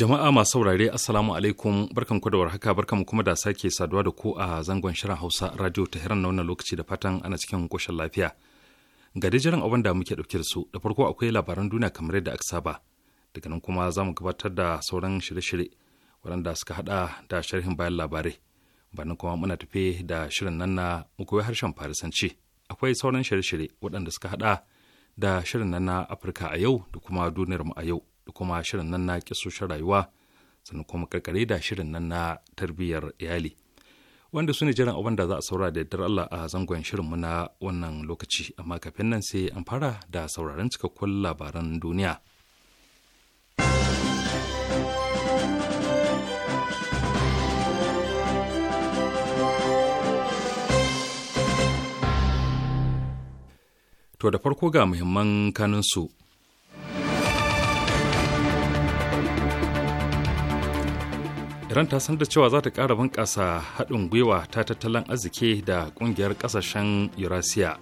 Jama'a masu saurare Assalamu alaikum barkan ku da warhaka barkan kuma da sake saduwa da ku a zangon shirin Hausa Radio ta na wannan lokaci da fatan ana cikin koshin lafiya. Ga jiran abin da muke dauke da su da farko akwai labaran duniya kamar yadda aka saba. Daga nan kuma za mu gabatar da sauran shirye-shirye waɗanda suka hada da sharhin bayan labarai. Bayan kuma muna tafe da shirin nan na harshen Farisanci. Akwai sauran shirye-shirye waɗanda suka haɗa da shirin nan na Afirka a yau da kuma duniyar mu a yau. da kuma shirin nan na kisoshin rayuwa sannan kuma karkare da shirin nan na tarbiyyar iyali wanda su ne jiran abin da za a saura da yardar Allah a zangon shirin mu na wannan lokaci amma kafin nan sai an fara da sauraron cikakkun labaran duniya. To da farko ga muhimman kanunsu iran ta san da cewa za ta kara bunƙasa haɗin gwiwa ta tattalin arziki da ƙungiyar ƙasashen eurasia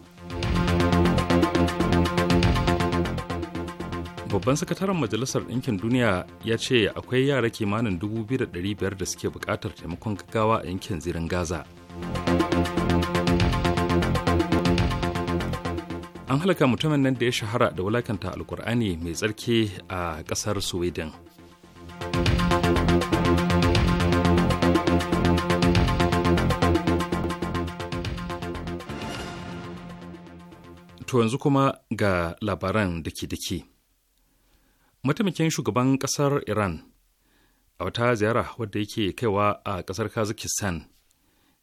babban sakataren majalisar ɗinkin duniya ya ce akwai yara kimanin 2,500 da suke buƙatar taimakon gaggawa a yankin zirin gaza an halaka mutumin nan da ya shahara da wulakanta alkur'ani mai tsarki a ƙasar sweden To yanzu kuma ga labaran dake-dake. Mataimakin shugaban ƙasar Iran a wata ziyara wadda yake kaiwa a ƙasar Kazakhstan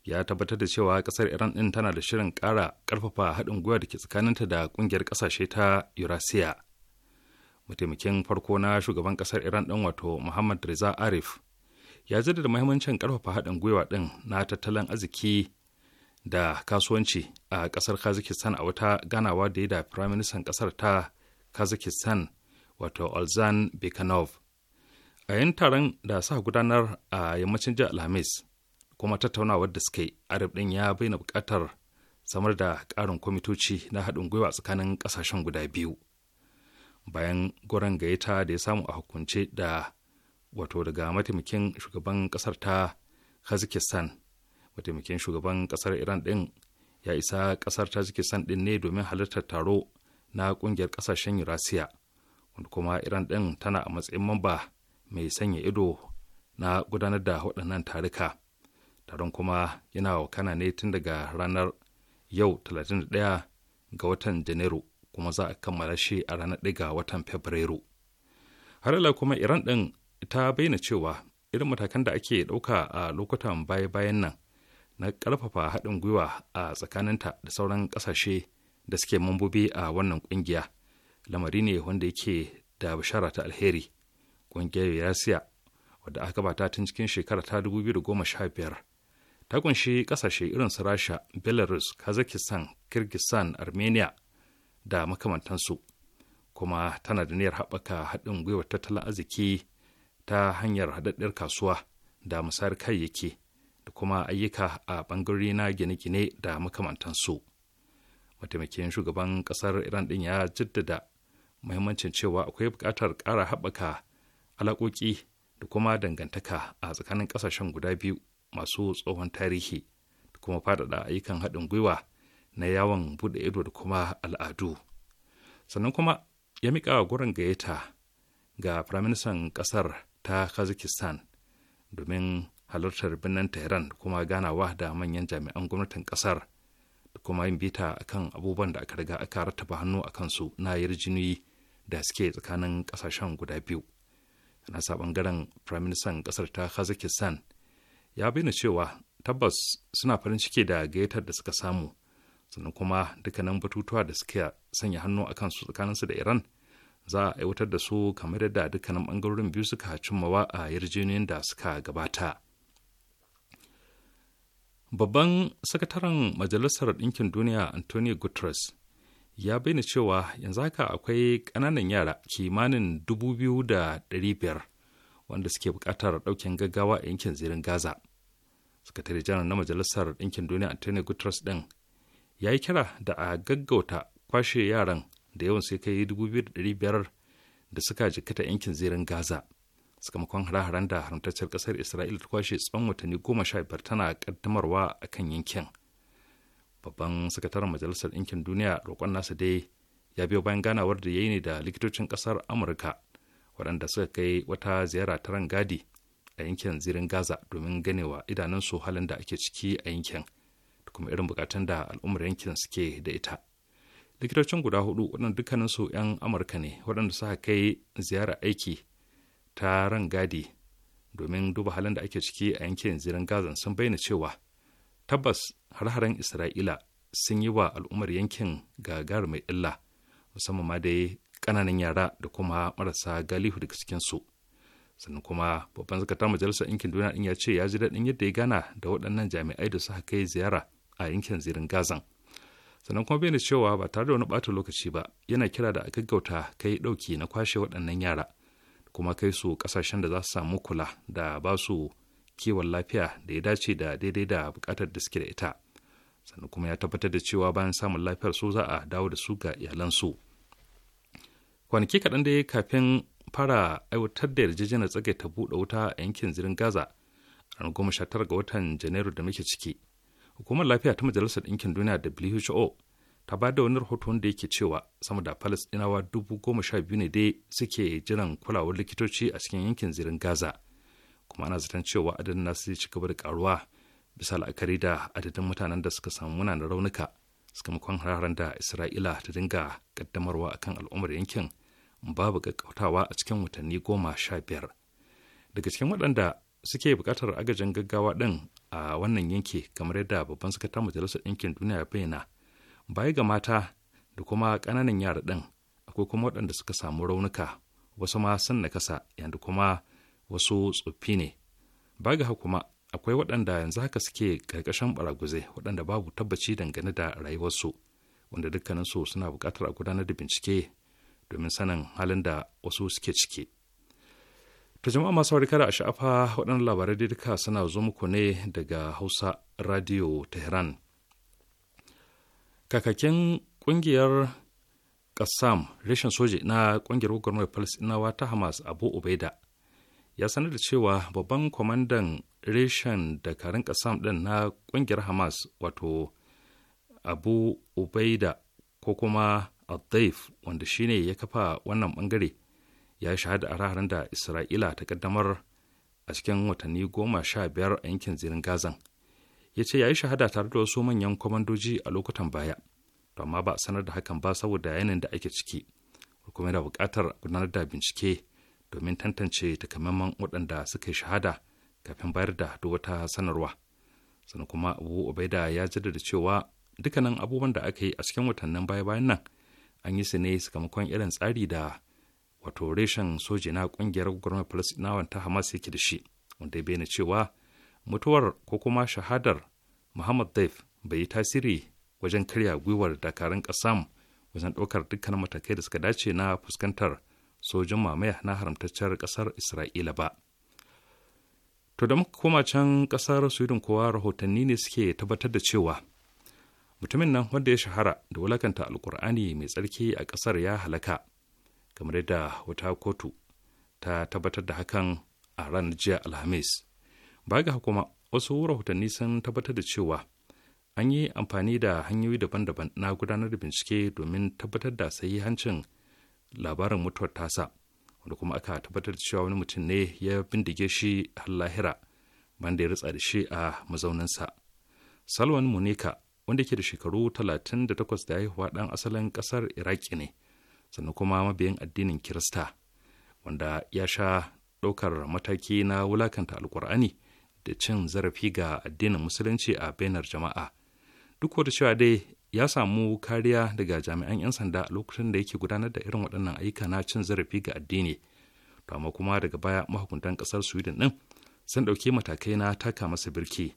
ya tabbatar da cewa ƙasar Iran ɗin tana da shirin ƙara ƙarfafa haɗin gwiwa da ke tsakaninta da ƙungiyar ƙasashe ta Eurasia. Mataimakin farko na shugaban ƙasar Iran ɗin wato Muhammad Reza Arif ya jaddada muhimmancin ƙarfafa haɗin gwiwa ɗin na tattalin arziki da kasuwanci a kasar kazakistan a wata ganawa da ya da firaministan kasar ta kazakistan wato olzan bekanov a yin taron da sa gudanar a yammacin jiya alhamis kuma tattaunawar da suke arab din ya bayyana bukatar samar da karin kwamitoci na haɗin gwiwa tsakanin ƙasashen guda biyu bayan goron gayyata da ya samu a hukunce da wato daga mataimakin shugaban ƙasar ta kazakistan mataimakin shugaban kasar iran din ya isa kasar tajikistan din ne domin halartar taro na kungiyar kasashen eurasiya wanda kuma iran din tana a matsayin mamba mai sanya ido na gudanar da waɗannan tarika taron kuma yana wakana ne tun daga ranar yau 31 ga watan janairu kuma za a kammala shi a ranar 1 ga watan fabrairu harala kuma iran din ta bayyana cewa irin matakan da ake ɗauka a lokutan baya-bayan nan na ƙarfafa haɗin gwiwa a tsakaninta da sauran ƙasashe da suke mambobi a wannan ƙungiya lamari ne wanda yake da bishara ta alheri ƙungiyar yasiya wadda aka bata tun cikin shekara ta da sha biyar ta ƙunshi ƙasashe irin su rasha belarus kazakistan kirgistan armenia da makamantansu kuma tana da niyyar haɓaka haɗin gwiwar tattalin arziki ta hanyar haɗaɗɗiyar kasuwa da musayar kayayyaki kuma ayyuka a ɓangare na gine-gine da makamantansu mataimakin shugaban ƙasar iran ɗin ya jaddada muhimmancin cewa akwai buƙatar ƙara haɓaka alaƙoƙi da kuma dangantaka a tsakanin ƙasashen guda biyu masu tsohon tarihi da kuma faɗaɗa ayyukan haɗin gwiwa na yawon buɗe ido da kuma al'adu sannan kuma ya miƙa gurin gayyata ga firaministan ƙasar ta kazakistan domin halartar birnin tehran da kuma ganawa da manyan jami'an gwamnatin kasar da kuma yin bita akan abubuwan da aka riga aka rattaba hannu a kansu na yarjiniyoyi da suke tsakanin kasashen guda biyu na sa bangaren firaministan kasar ta kazakistan ya bayyana cewa tabbas suna farin ciki da gayyatar da suka samu sannan kuma dukkanin batutuwa da suka sanya hannu a kansu tsakaninsu da iran za a aiwatar da su kamar yadda dukkanin bangarorin biyu suka cimmawa a yarjejeniyar da suka gabata babban sakataren majalisar ɗinkin duniya antonio guterres ya bayyana cewa yanzu haka akwai ƙananan yara kimanin 2,500 wanda suke buƙatar ɗaukin gaggawa a yankin zirin gaza sakatare janar na majalisar ɗinkin duniya antonio guterres ɗin ya yi kira da a gaggauta kwashe yaran da yawan sai kai 2,500 da suka jikata yankin zirin gaza sakamakon hare-haren da haramtaccen kasar isra'ila ta kwashe tsawon watanni goma sha biyar tana kaddamarwa a kan yankin babban sakataren majalisar ɗinkin duniya roƙon nasa dai ya biyo bayan ganawar da ya yi ne da likitocin ƙasar amurka waɗanda suka kai wata ziyara ta rangadi a yankin zirin gaza domin ganewa idanun su halin da ake ciki a yankin da kuma irin bukatun da al'ummar yankin suke da ita likitocin guda hudu waɗanda dukkaninsu 'yan amurka ne waɗanda suka kai ziyara aiki ta rangadi domin duba halin da ake ciki a yankin zirin gazan sun bayyana cewa tabbas har-haren isra'ila sun yi wa al'ummar yankin gagar mai illa musamman ma dai kananan yara da kuma marasa galihu daga cikinsu sannan kuma babban zakatar majalisar yankin duniya din ya ce ya ji daɗin yadda ya gana da waɗannan jami'ai da suka kai ziyara a yankin zirin gazan sannan kuma bayyana cewa ba tare da wani ɓata lokaci ba yana kira da a gaggauta kai ɗauki na kwashe waɗannan yara kuma kai su kasashen da za su samu kula da ba su kiwon lafiya da ya dace da daidai da bukatar da suke da ita sannan kuma ya tabbatar da cewa bayan samun lafiyar su za a dawo da su ga iyalansu kwanaki kaɗan dai kafin fara aiwatar da yarjejeniyar tsage ta buɗe wuta a yankin zirin gaza a ranar goma sha tara ga watan janairu da muke ciki hukumar lafiya ta majalisar ɗinkin duniya who ta ba da wani rahoton da yake cewa sama da falasɗinawa dubu goma sha biyu ne dai suke jiran kulawar likitoci a cikin yankin zirin gaza kuma ana zaton cewa adadin nasu zai ci gaba da karuwa bisa la'akari da adadin mutanen da suka samu da raunuka sakamakon hararen da isra'ila ta dinga kaddamarwa akan al'ummar yankin babu gaggautawa a cikin watanni goma sha biyar daga cikin waɗanda suke buƙatar agajin gaggawa ɗin a wannan yanki kamar yadda babban sakatar majalisar ɗinkin duniya ya bayyana baya ga mata da kuma ƙananan yara ɗin akwai kuma waɗanda suka samu raunuka wasu ma sun kasa yanda kuma wasu tsoffi ne ba ga kuma akwai waɗanda yanzu haka suke ƙarƙashin baraguzai waɗanda babu tabbaci dangane da rayuwarsu wanda su suna buƙatar a gudanar da bincike domin sanin halin da wasu suke ciki To jama'a masu kada a sha'afa waɗannan labarai duka suna zo muku ne daga Hausa Radio Tehran. kakakin kungiyar kassam rashin soji na kungiyar gwagwarmar palestinawa ta hamas abu ubaida ya sanar da cewa babban kwamandan reshen dakarun kassam din na kungiyar hamas wato abu ubaida ko kuma adaif wanda shine ya kafa wannan bangare ya shahada a raharin da Isra'ila ta kaddamar a cikin watanni goma sha biyar a yankin zirin Gazan. ya ce ya yi shahada tare da wasu manyan kwamandoji a lokutan baya to amma ba a sanar da hakan ba saboda yanayin da ake ciki kuma yana buƙatar gudanar da bincike domin tantance takamaiman waɗanda suka yi shahada kafin bayar da duk wata sanarwa sannan kuma abu ubaida ya jaddada cewa dukkanin abubuwan da aka yi a cikin watannin baya-bayan nan an yi su ne sakamakon irin tsari da wato reshen soja na ƙungiyar plus na ta hamas yake da shi wanda ya bayyana cewa mutuwar ko kuma shahadar muhammad daif bai yi tasiri wajen karya gwiwar dakarun kasam wajen ɗaukar dukkan matakai da suka dace na fuskantar sojin mamaya na haramtaccen ƙasar isra'ila ba to da muka koma can ƙasar sweden kowa rahotanni ne suke tabbatar da cewa mutumin nan wanda ya shahara da wulakanta alkur'ani mai tsarki a ƙasar ya halaka kamar da wata kotu ta tabbatar da hakan a ranar jiya alhamis ba ga kuma wasu rahotanni sun tabbatar da cewa an yi amfani da hanyoyi daban-daban na gudanar da bincike domin tabbatar da sahihancin labarin mutuwar tasa wanda kuma aka tabbatar da cewa wani mutum ne ya bindige shi har lahira banda ya ritsa da shi a mazauninsa. Salwan Munika wanda ke da shekaru 38 da haihuwa dan asalin kasar Iraki ne, sannan kuma mabiyin addinin Kirista, wanda ya sha ɗaukar mataki na wulakanta al'kur'ani. da cin zarafi ga addinin musulunci a bainar jama'a duk wata cewa dai ya samu kariya daga jami'an 'yan sanda a lokacin da yake gudanar da irin waɗannan ayyuka na cin zarafi ga addini to amma kuma daga baya mahukuntan ƙasar sweden ɗin sun ɗauki matakai na taka masa birki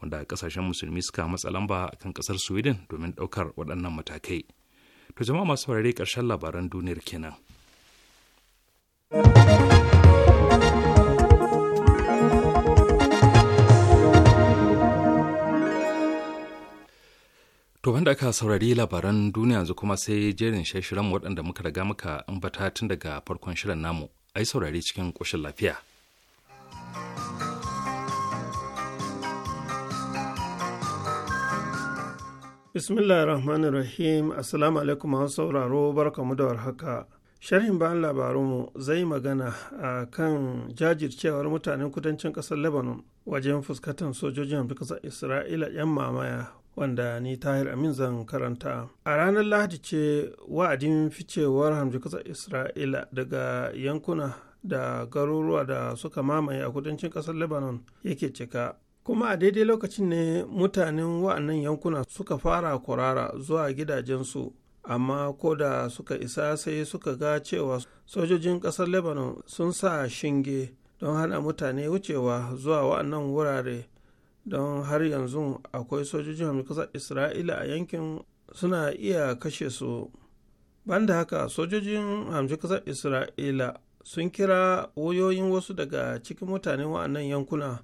wanda ƙasashen musulmi suka matsa lamba a kan ƙasar sweden domin ɗaukar waɗannan matakai to jama'a masu farare ƙarshen labaran duniyar kenan. To wanda aka saurari labaran duniya yanzu kuma sai jerin shirin waɗanda muka riga muka ambata tun daga farkon shirin namu, ai saurari cikin ƙoshin lafiya. Bismillah rahmanir rahim Assalamu alaikum masu sauraro barkamu da warhaka. Sharhin bayan labarunmu zai magana a kan jajircewar mutanen kudancin ƙasar Lebanon wajen fuskatan sojojin ƙasar Isra'ila 'yan mamaya wanda ni tahir amin zan karanta a ranar lahadi ce wa'adin ficewar hamjikasa isra'ila daga yankuna da garuruwa da suka mamaye a kudancin kasar lebanon yake cika kuma a daidai lokacin ne mutanen wa'annan yankuna suka fara kurara zuwa gidajensu amma ko da suka isa sai suka ga cewa sojojin kasar lebanon sun sa shinge don hana mutane wucewa zuwa wa'annan wurare don har yanzu akwai sojojin hamikasar isra'ila a yankin suna iya kashe su banda haka sojojin hamikasar isra'ila sun kira wayoyin wasu daga cikin mutane wa'annan yankuna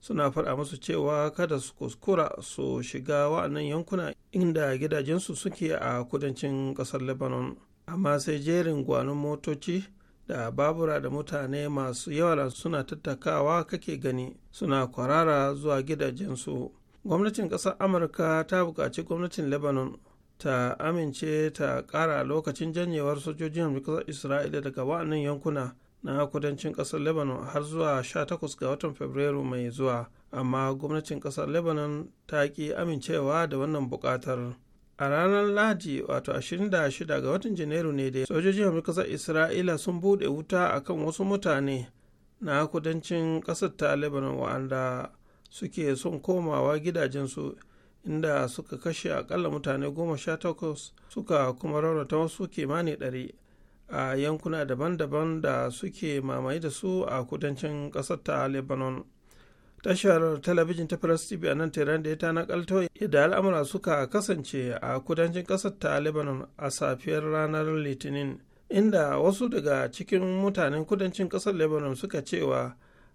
suna faɗa musu cewa kada su kuskura su shiga wa'annan yankuna inda gidajensu suke a kudancin ƙasar lebanon amma sai jerin gwanon motoci da babura da mutane masu yawa suna tattakawa kake gani suna kwarara zuwa gidajensu gwamnatin ƙasar amurka ta buƙaci gwamnatin lebanon ta amince ta ƙara lokacin janyewar sojojin amurka isra'ila daga wa'annan yankuna na kudancin ƙasar lebanon har zuwa 18 ga watan fabrairu mai zuwa amma gwamnatin ƙasar lebanon ta ƙi amincewa da wannan buƙatar a ranar lahadi wato 26 ga watan janairu ne da sojojin amurka isra'ila sun bude wuta akan wasu mutane na kudancin kasar ta lebanon wa'anda suke son komawa gidajensu inda suka kashe akalla mutane goma sha takwas suka kuma raunata wasu kimani ɗari a yankuna daban-daban da suke mamaye da su a kudancin kasar ta lebanon tashar talabijin ta press tv a nan tehran da ya ta nakalto yadda al'amura suka kasance a kudancin kasar ta lebanon a safiyar ranar litinin inda wasu daga cikin mutanen kudancin kasar lebanon suka cewa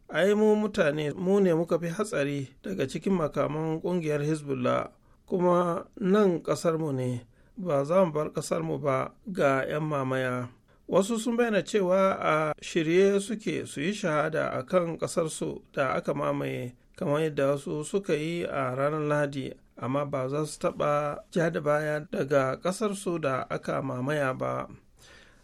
ai mu mutane mu ne muka fi hatsari daga cikin makaman kungiyar hezbollah kuma nan kasar mu ne ba za mu bar kasar mu ba ga 'yan mamaya wasu sun bayyana cewa a shirye suke su yi shahada a kan ƙasarsu da aka mamaye kamar yadda wasu suka yi a ranar lahadi amma ba za su taɓa ja da baya daga ƙasarsu da aka mamaya ba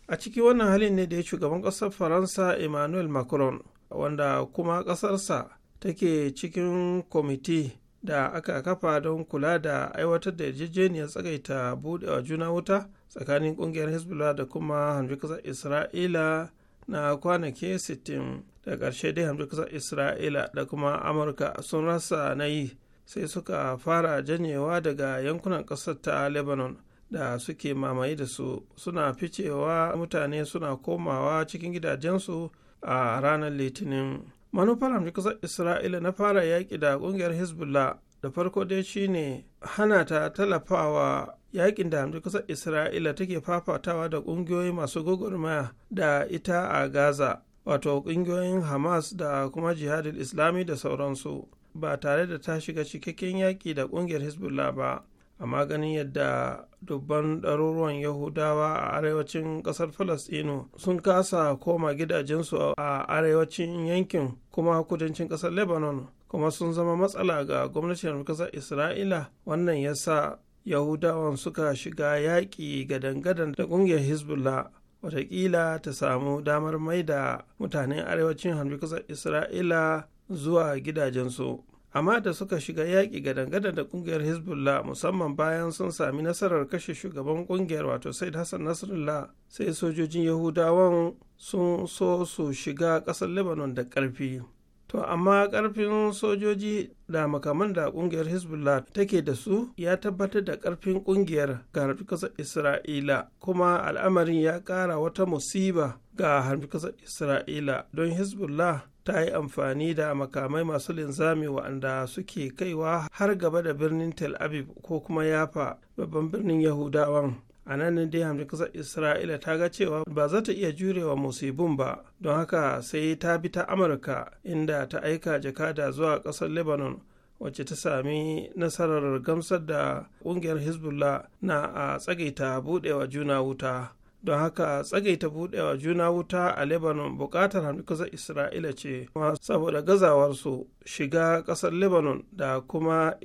a ciki wannan halin ne da ya shugaban ƙasar faransa emmanuel macron wanda kuma ƙasarsa take cikin kwamiti da aka kafa don kula da aiwatar da yarjejeniyar tsagaita budewa juna wuta tsakanin kungiyar hezbollah da kuma hamjikasar isra'ila na kwanaki 60 da ƙarshe dai hamjikasar isra'ila da kuma amurka sun rasa na yi sai suka fara janyewa daga yankunan ƙasar ta lebanon da suke mamaye da su suna ficewa mutane suna komawa cikin gidajensu a ranar litinin manufar amurka isra'ila na fara yaƙi da ƙungiyar hezbollah da farko dai shi ne hana ta tallafawa yaƙin da hamdu kasar isra'ila take fafatawa da ƙungiyoyi masu gwagwarmaya da ita a gaza wato ƙungiyoyin hamas da kuma jihadul islami da sauransu ba tare da ta shiga cikakken yaƙi da ƙungiyar hezbollah ba amma ganin yadda dubban ɗaruruwan yahudawa a arewacin ƙasar falastinu sun kasa koma gidajensu a arewacin yankin kuma kudancin ƙasar lebanon kuma sun zama matsala ga gwamnatin ƙasar isra'ila wannan ya sa yahudawan suka shiga yaƙi ga dangadan da ƙungiyar hezbollah watakila ta samu damar mai da mutanen arewacin ƙasar isra'ila zuwa gidajensu amma da suka shiga yaƙi ga dangane da ƙungiyar hezbollah musamman bayan sun sami nasarar kashe shugaban ƙungiyar wato said hassan nasrullah sai sojojin yahudawan sun so su shiga ƙasar lebanon da ƙarfi to amma ƙarfin sojoji da makaman da ƙungiyar hezbollah take da su ya tabbatar da ƙarfin ƙungiyar ga harfi ƙasar isra'ila kuma al'amarin ya ƙara wata musiba ga harfi ƙasar isra'ila don hezbollah ta yi amfani da makamai masu linzami wa'anda suke kaiwa har gaba da birnin tel aviv ko kuma yafa babban birnin yahudawan a nan dai hamdi kasar isra'ila ta ga cewa ba za ta iya jurewa musibin ba don haka sai ta bi ta amurka inda ta aika jakada zuwa kasar lebanon wacce ta sami nasarar gamsar da kungiyar hezbollah na a tsagaita budewa juna wuta don haka tsagaita buɗewa juna wuta a lebanon bukatar hamdukasar isra'ila ce saboda gazawar su shiga ƙasar lebanon da kuma,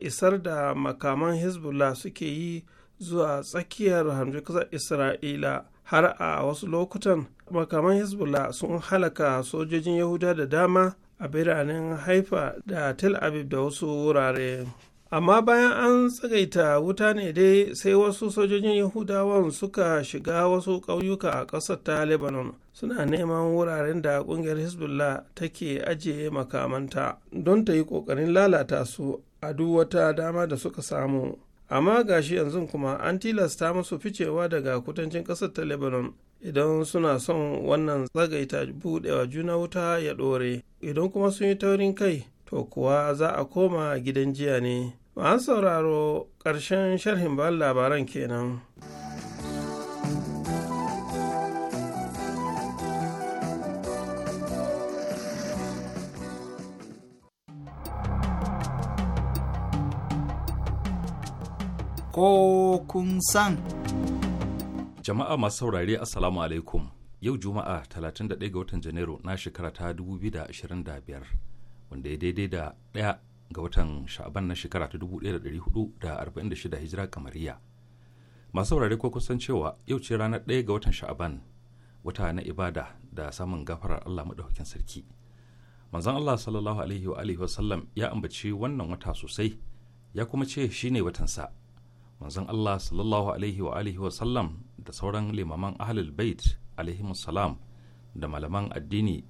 isar da makaman hezbollah suke yi zuwa tsakiyar hamdukasar isra'ila har a wasu lokutan makaman hezbollah sun halaka sojojin yahuda da dama a biranen haifa da tel aviv da wasu wurare amma bayan an tsagaita wuta ne dai sai wasu sojojin yahudawan suka shiga wasu ƙauyuka a ƙasar ta lebanon suna neman wuraren da ƙungiyar hezbollah take ajiye makamanta don ta yi ƙoƙarin lalata su a duk wata dama da suka samu amma gashi yanzu kuma an tilasta musu ficewa daga kudancin ƙasar ta lebanon idan suna son wannan tsagaita buɗewa juna wuta ya ɗore idan kuma sun yi taurin kai to kuwa za a koma gidan jiya ne an sauraro ƙarshen sharhin ban labaran kenan. ko kun san. Jama'a masu saurare Assalamu alaikum. Yau Juma'a 31 ga watan Janairu na shekara ta 2025 wanda ya daidai da ɗaya ga watan sha'aban na shekara ta dubu da da da arba'in 1446 hijira kamariya masu saurare ko kusan cewa yau ce ranar ɗaya ga watan sha'aban wata na ibada da samun gafarar Allah maɗaukakin sarki manzon Allah sallallahu alaihi wa alihi wasallam ya ambaci wannan wata sosai ya kuma ce shine watansa manzon Allah sallallahu alaihi wa alihi wasallam da sauran limaman ahlul bait alaihi salam da malaman addini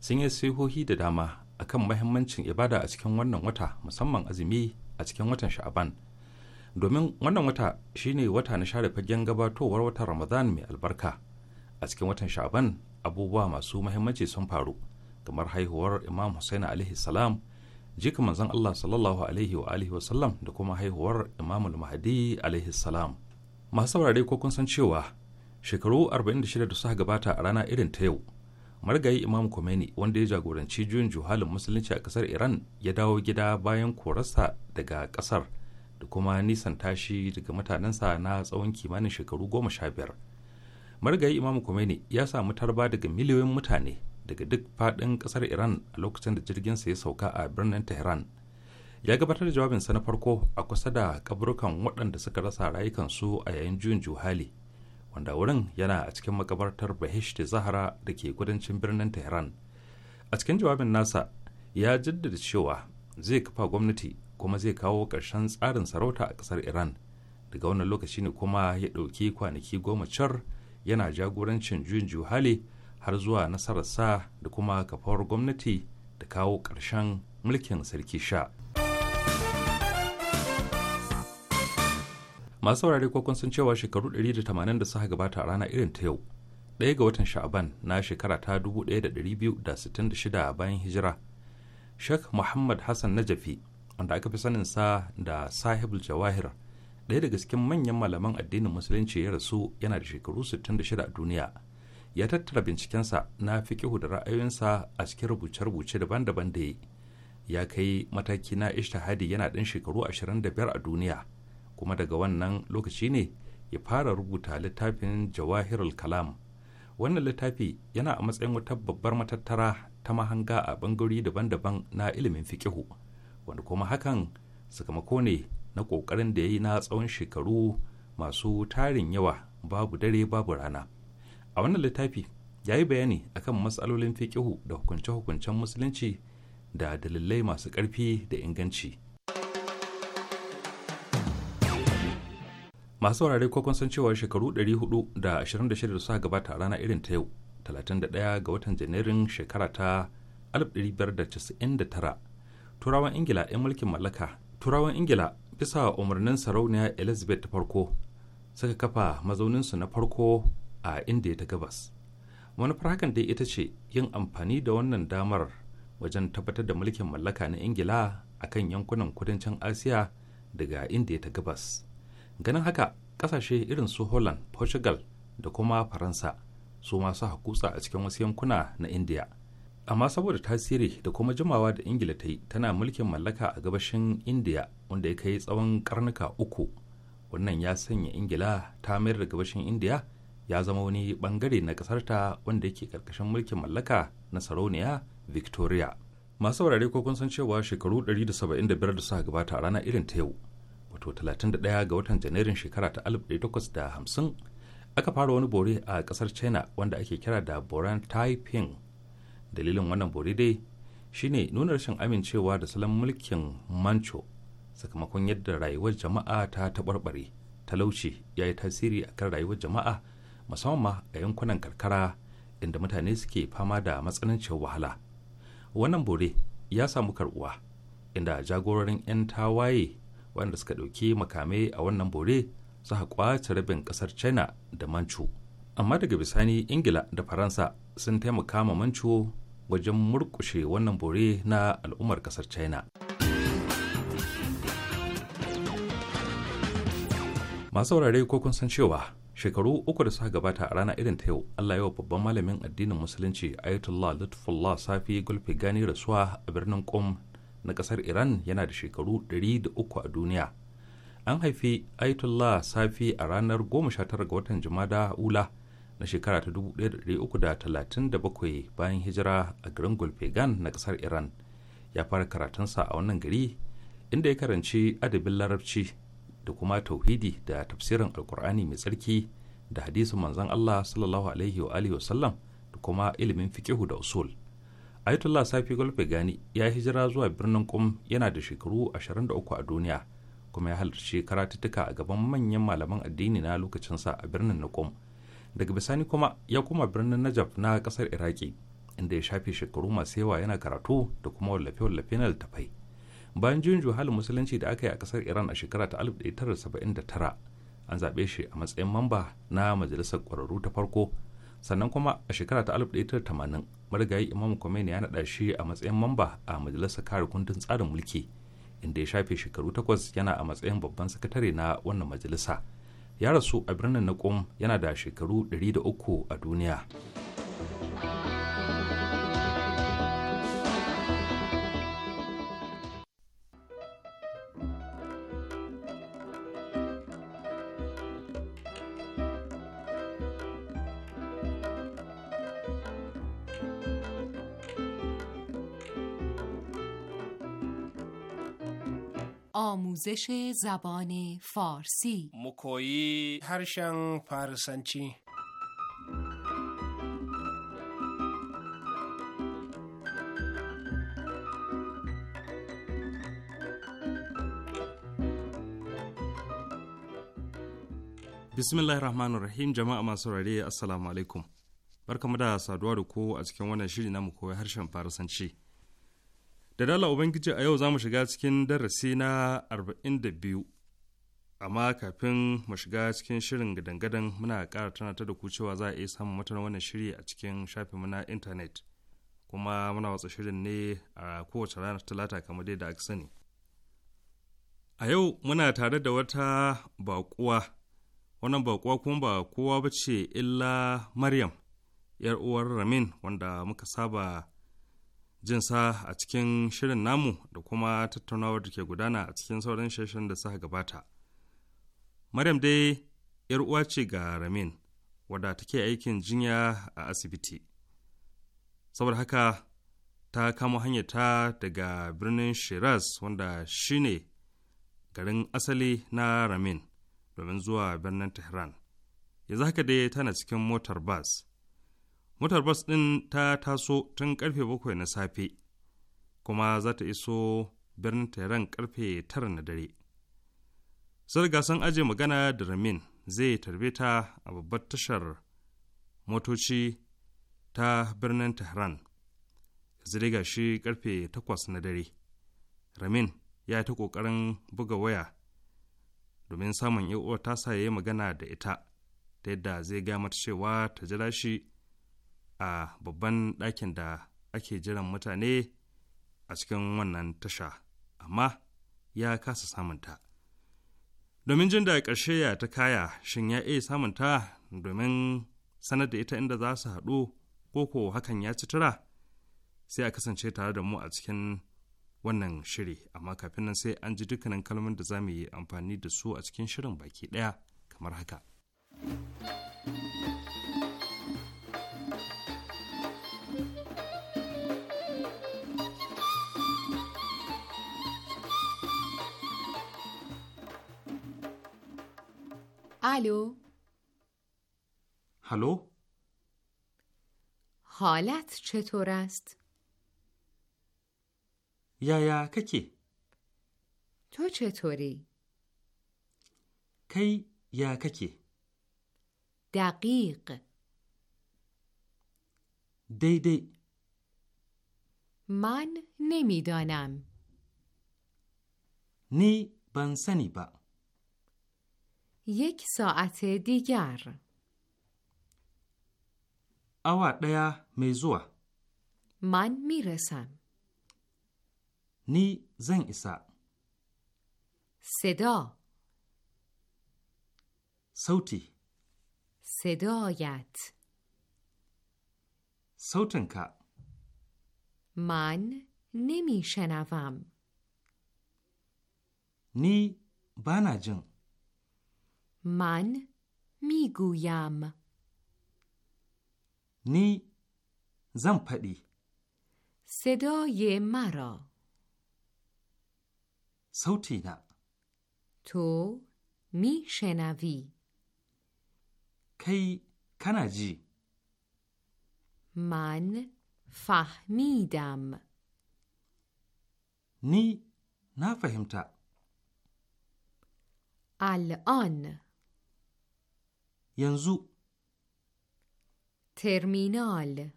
sun yi sihohi da dama akan mahimmancin ibada a cikin wannan wata musamman azumi a cikin watan sha'aban domin wannan wata shine wata na share fagen gabatowar watan ramadan mai albarka a cikin watan sha'aban abubuwa masu mahimmanci sun faru kamar haihuwar imam husaina alaihi salam jika manzon allah sallallahu alaihi wa alihi wasallam da kuma haihuwar imam mahdi alaihi salam masu saurare ko kun san cewa shekaru 46 da suka gabata a rana irin ta yau margayi imam khomeini wanda ya jagoranci juyin juhalin musulunci a kasar iran ya dawo gida bayan korarsa daga kasar da kuma nisan tashi daga mutanensa na tsawon kimanin shekaru goma sha biyar margayi imam khomeini ya samu tarba daga miliyoyin mutane daga duk fadin kasar iran a lokacin da jirginsa ya sauka a birnin tehran ya gabatar da jawabinsa na farko a kusa da kaburukan waɗanda suka rasa rayukansu a yayin juyin juhali wanda wurin yana a cikin makabartar bahish da zahara da ke kudancin birnin tehran a cikin jawabin nasa ya jaddada cewa zai kafa gwamnati kuma zai kawo ƙarshen tsarin sarauta a ƙasar iran daga wannan lokaci ne kuma ya ɗauki kwanaki goma car yana jagorancin juyin juhali har zuwa nasararsa da kuma kafawar gwamnati da kawo ƙarshen mulkin sarki sha. masu saurare ko kun san cewa shekaru 180 da suka gabata a rana irin ta yau ɗaya ga watan sha'aban na shekara ta 1266 bayan hijira sheikh muhammad hassan najafi wanda aka fi sanin sa da sahibul jawahir ɗaya daga cikin manyan malaman addinin musulunci ya rasu yana da shekaru 66 a duniya ya tattara bincikensa na fi kihu da ra'ayoyinsa a cikin rubuce-rubuce daban-daban da ya kai mataki na ishtihadi yana ɗan shekaru 25 a duniya kuma daga wannan lokaci ne ya fara rubuta littafin jawahirul kalam wannan littafi yana a matsayin wata babbar matattara ta mahanga a bangarori daban-daban na ilimin fikihu wanda kuma hakan sakamako ne na ƙoƙarin da ya yi na tsawon shekaru masu tarin yawa babu dare babu rana a wannan littafi ya yi bayani akan matsalolin fikihu da hukunce-hukuncen musulunci da dalilai masu ƙarfi da inganci masu wurare ko kun san cewa shekaru 426 da suka gabata a rana irin ta yau 31 ga watan janairun shekara ta 1599 turawan ingila 'yan mulkin mallaka turawan ingila bisa umarnin sarauniya elizabeth ta farko suka kafa mazauninsu na farko a inda ta gabas manufar hakan dai ita ce yin amfani da wannan damar wajen tabbatar da mulkin mallaka na ingila a kan yankunan kudancin asiya daga inda ta gabas ganin haka kasashe irin su holland portugal da kuma faransa su masu hakusa a cikin wasu yankuna na india amma saboda tasiri da kuma jimawa da ingila ta yi tana mulkin mallaka a gabashin india wanda ya kai tsawon karnuka uku wannan ya sanya ingila ta mayar da gabashin india ya zama wani bangare na kasarta wanda yake karkashin mulkin mallaka na sarauniya victoria masu saurare ko kun san cewa shekaru 175 da suka gabata a rana irin ta yau wato 31 ga watan janairun shekara ta 1850 aka fara wani bore a kasar china wanda ake kira da boran taiping dalilin wannan bore dai shine nuna rashin amincewa da salon mulkin mancho sakamakon yadda rayuwar jama'a ta taɓarɓare talauci ya yi tasiri kan rayuwar jama'a musamman ma a yankunan karkara inda mutane suke fama da matsanancin wahala wannan bore ya samu karbuwa inda jagororin 'yan tawaye waɗanda suka ɗauki makamai a wannan bore su kwace rabin ƙasar china da manchu amma daga bisani ingila da faransa sun taimaka ma manchu wajen murkushe wannan bore na al'ummar ƙasar china masu wurare ko kun san cewa shekaru uku da suka gabata a rana irin ta yau allah yawa babban malamin addinin musulunci ayatollah lutfullah safi gulfi gani rasuwa a birnin qom na ƙasar iran yana da shekaru 300 a duniya an haifi aitullah safi a ranar 19 ga watan jumada ula na shekara ta 1337 bayan hijira a garin gulfegan na ƙasar iran ya fara karatunsa a wannan gari inda ya karanci adabin larabci da kuma tauhidi da tafsirin alkur'ani mai tsarki da hadisin manzon allah sallallahu alaihi wa sallam da kuma ilimin fikihu da usul Ayatollah Safi Golfe Gani ya hijira zuwa birnin Qom yana da shekaru 23 a duniya kuma ya halarci karatuttuka a gaban manyan malaman addini na lokacinsa a birnin na Qom. Daga bisani kuma ya koma birnin Najaf na kasar Iraki inda ya shafe shekaru masu yawa yana karatu da kuma wallafe-wallafe na littafai. Bayan juyin halin musulunci da aka yi a kasar Iran a shekara ta 1979 an zaɓe shi a matsayin mamba na majalisar ƙwararru ta farko sannan kuma a shekara ta 1980 marigayi imam Khomeini ya naɗa shi a matsayin mamba a majalisar kare kundin tsarin mulki inda ya shafe shekaru takwas yana a matsayin babban sakatare na wannan majalisa ya rasu a birnin na yana da shekaru 300 a duniya. آموزش زبان فارسی مکویی هرشن فارسنچی Bismillahir Rahim jama'a masu rare Assalamu alaikum. Barkamu da saduwa da ku a cikin wannan shiri na mu koyi harshen Farisanci. Da dala Ubangiji a yau za mu shiga cikin darasi na 42, amma kafin mu shiga cikin shirin gadangadan muna ƙara tunatar da ku cewa za a iya samun matan wannan shiri a cikin shafin na intanet, kuma muna watsa shirin ne a kowace ranar talata kamar dai da aka sani. A yau muna tare da wata bakuwa wannan bakuwa kuma ba kowa ba ce illa Maryam, 'yar uwar Ramin wanda muka saba jinsa a cikin shirin namu da kuma tattaunawar da ke gudana a cikin sauran shirin da suka gabata. Maryam dai ‘yar uwa ce ga Ramin, wadda take aikin jinya a asibiti. Saboda haka ta kamo hanyarta daga birnin Shiraz wanda shine garin asali na Ramin domin zuwa birnin Tehran. Yanzu haka dai tana cikin motar bas. motar bas ɗin ta taso tun karfe bakwai na safe kuma za ta iso birnin tehran karfe tara na dare sarga sun aje magana da ramin zai tarbe ta a babbar tashar motoci ta birnin tehran zirga shi karfe takwas na dare ramin ya yi ta ƙoƙarin buga waya domin samun ta tasa ya yi magana da ita ta yadda zai gaya mata cewa ta jira shi a babban ɗakin da ake jiran mutane a cikin wannan tasha amma ya kasa samunta domin jin da ƙarshe ya ta kaya shin ya iya samunta domin sanar da ita inda za su haɗu ko ko hakan ya ci tura sai a kasance tare da mu a cikin wannan shiri amma kafin nan sai an ji dukkanin kalmomin da za mu yi amfani da su a cikin shirin baki ɗaya kamar haka. الو هلو حالت چطور است؟ یا یا ککی تو چطوری؟ کی یا ککی دقیق دی دی من نمیدانم نی بنسنی با یک ساعت دیگر اوا دیا می من Man میرسم. نی زن ایسا صدا صوتی صدایت که من نمیشنوم نی بانا جن من میگویم نی زم پدی صدای مرا صوتی نه تو میشنوی کی کنجی من فهمیدم نی نفهمتا الان ینزو ترمینال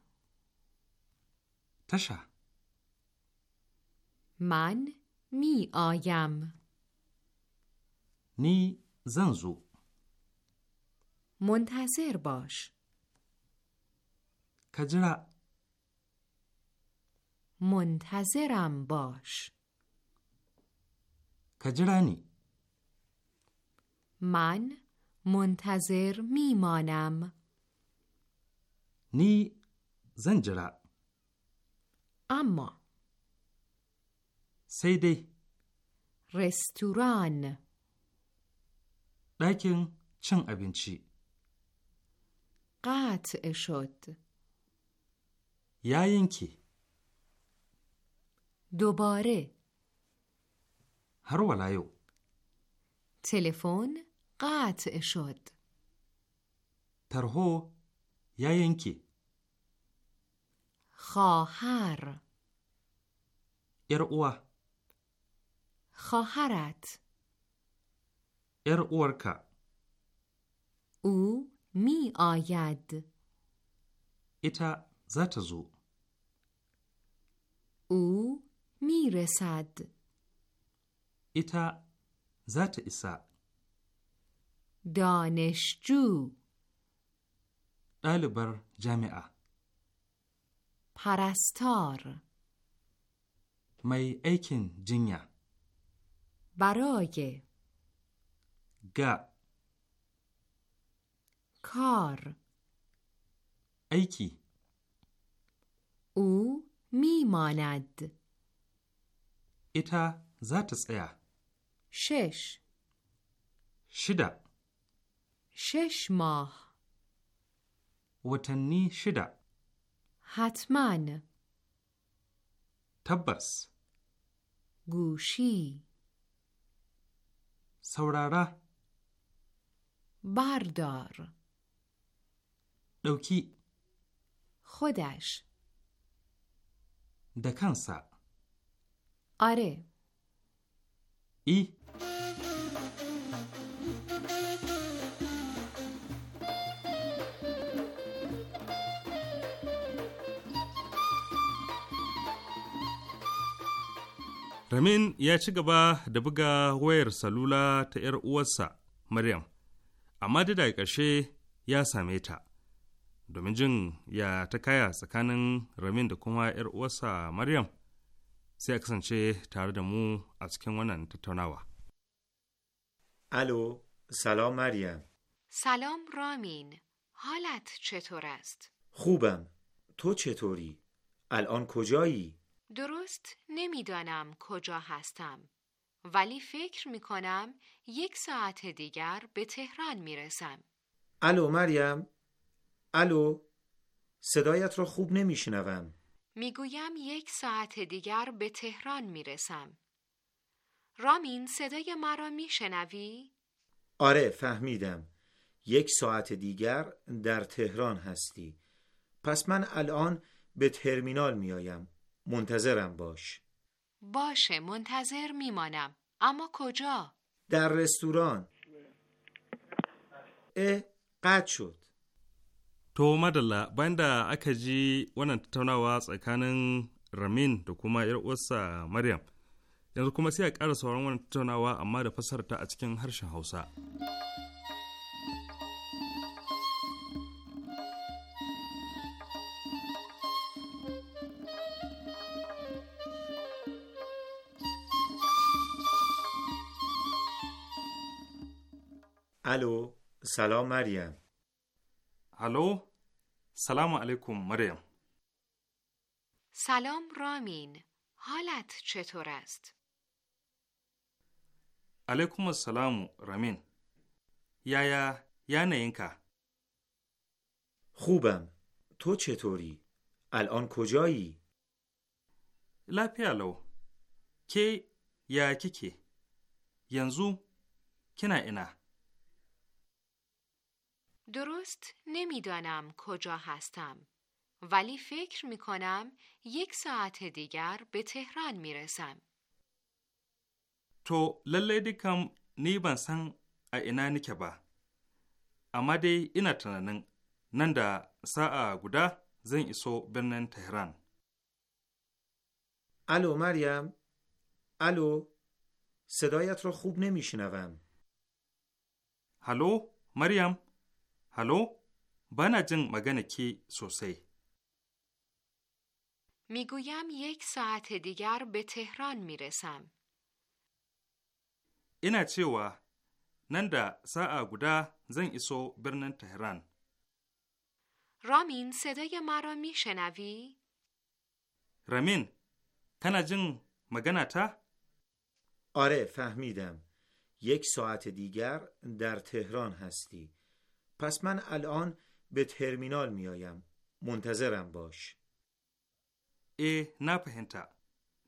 تشه من می آیم نی زنزو منتظر باش کجرا منتظرم باش کجرانی من منتظر میمانم نی زنجره اما سیده رستوران لیکن چن ابینچی قطع شد یا اینکی؟ دوباره هر ولایو تلفن قطع شد ترهو یا ینکی خواهر ارعوه خواهرت ارعورکا او می آید ایتا زت زو او می رسد ایتا زت ایسا دانشجو بله، بر جامعه پرستار می ایکن جنیا برای گ کار ایکی او میماند ایتا زاتس ایا، شش شده شش ماه وتنی شده حتما تبس گوشی سوراره بردار لوکی خودش دکانسا آره ای ramin ya ci gaba da buga wayar salula ta 'yar uwarsa maryam amma da daga ƙarshe ya same ta domin jin ya ta kaya tsakanin ramin da kuma 'yar uwarsa maryam sai a kasance tare da mu a cikin wannan tattaunawa Alo, salam Maryam. Salam Ramin. حالت چطور است؟ خوبم تو چطوری؟ الان درست نمیدانم کجا هستم ولی فکر می کنم یک ساعت دیگر به تهران می رسم. الو مریم الو صدایت را خوب نمی شنوم می گویم یک ساعت دیگر به تهران می رسم. رامین صدای مرا می شنوی؟ آره فهمیدم یک ساعت دیگر در تهران هستی پس من الان به ترمینال می آیم منتظرم باش باشه منتظر میمانم اما کجا؟ در رستوران اه قد شد To madalla bayan da aka ji wannan tattaunawa tsakanin Ramin da kuma uwarsa Maryam, yanzu kuma sai a ƙara sauran wannan tattaunawa amma da fasarta a cikin harshen Hausa. الو سلام مریم الو سلام علیکم مریم سلام رامین حالت چطور است؟ علیکم السلام رامین یایا یا خوبم تو چطوری؟ الان کجایی؟ لپیالو کی یا کی ینزو کنا اینه درست نمیدانم کجا هستم ولی فکر می کنم یک ساعت دیگر به تهران می رسم. تو للیدی دیکم نی سن اینا نکه با. اما دی اینا تننن نند سا nan زن ایسو برنن تهران. الو مریم الو صدایت را خوب نمیشنوم هلو مریم هلو؟ بنا جن مگن کی سوسی میگویم یک ساعت دیگر به تهران میرسم اینا چیوا نندا ساعه ساعت زن ایسو برنن تهران رامین صدای مرا میشنوی؟ رامین کنا jin مگنا ta? آره فهمیدم یک ساعت دیگر در تهران هستی پس من الان به ترمینال میایم منتظرم باش ای نپهنتا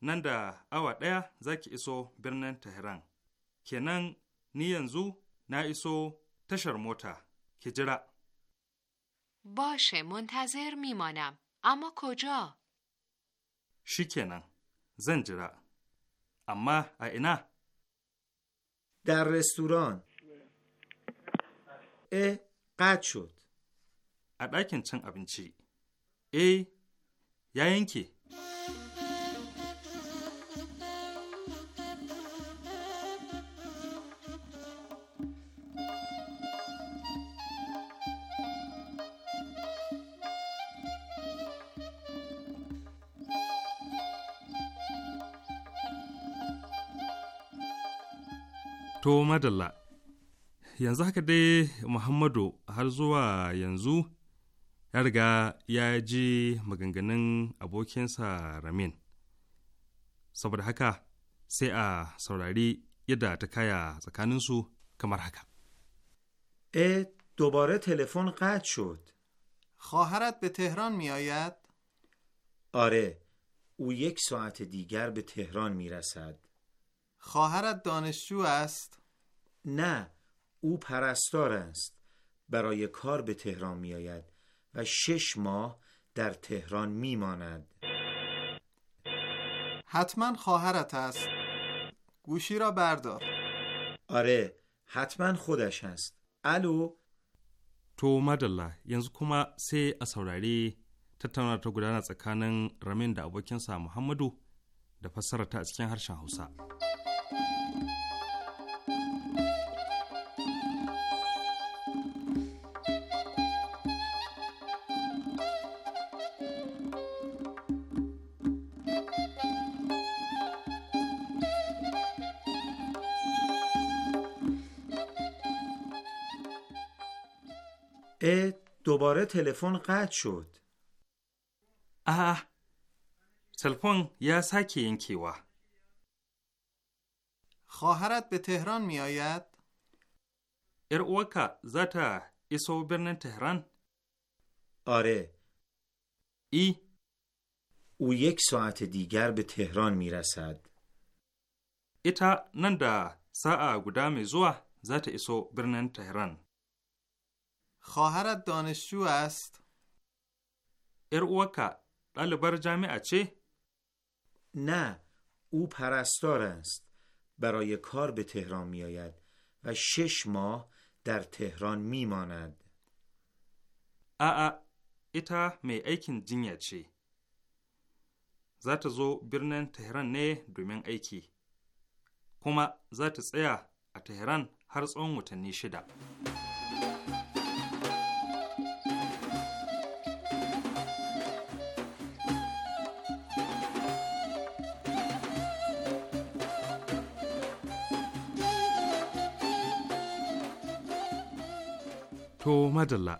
نن دا اوا ɗaya za ایسو برنن تهران Tehran. Kenan ni yanzu نا iso تشر باشه منتظر میمانم اما کجا؟ شکنن زن جرا اما اینا در رستوران اه قطع شد a ɗakin cin abinci eh ya yanke To madalla yanzu haka dai Muhammadu har zuwa yanzu ya riga ya ji maganganun abokinsa Ramin. Saboda haka sai a saurari yadda ta kaya tsakaninsu kamar haka. E, دوباره تلفن قطع شد. خواهرت به تهران می آید؟ آره، او یک ساعت دیگر به تهران می رسد. خواهرت دانشجو است؟ نه، او پرستار است برای کار به تهران می آید و شش ماه در تهران می ماند حتما خواهرت است گوشی را بردار آره حتما خودش است الو تو مدالله ینزو کما سی اسوراری tattauna تو gudana tsakanin رامین da abokinsa سا محمدو fassara ta a cikin دوباره تلفن قطع شد. آه تلفن یا سکی این کیوا. خواهرت به تهران می آید؟ ار اوکا زتا ایسو برنن تهران؟ آره. ای او یک ساعت دیگر به تهران می رسد. ایتا نندا ساعت گدا زوا زتا ایسو برنن تهران. خواهرت دانشجو است؟ اروکا بله بر جامعه چه؟ نه او پرستار است برای کار به تهران می آید و شش ماه در تهران می ماند ا اتا می ایکن جنیا چه؟ زات زو برنن تهران نه دومین ایکی کما زات سیا ا تهران هر آن وطنی شده ko madalla,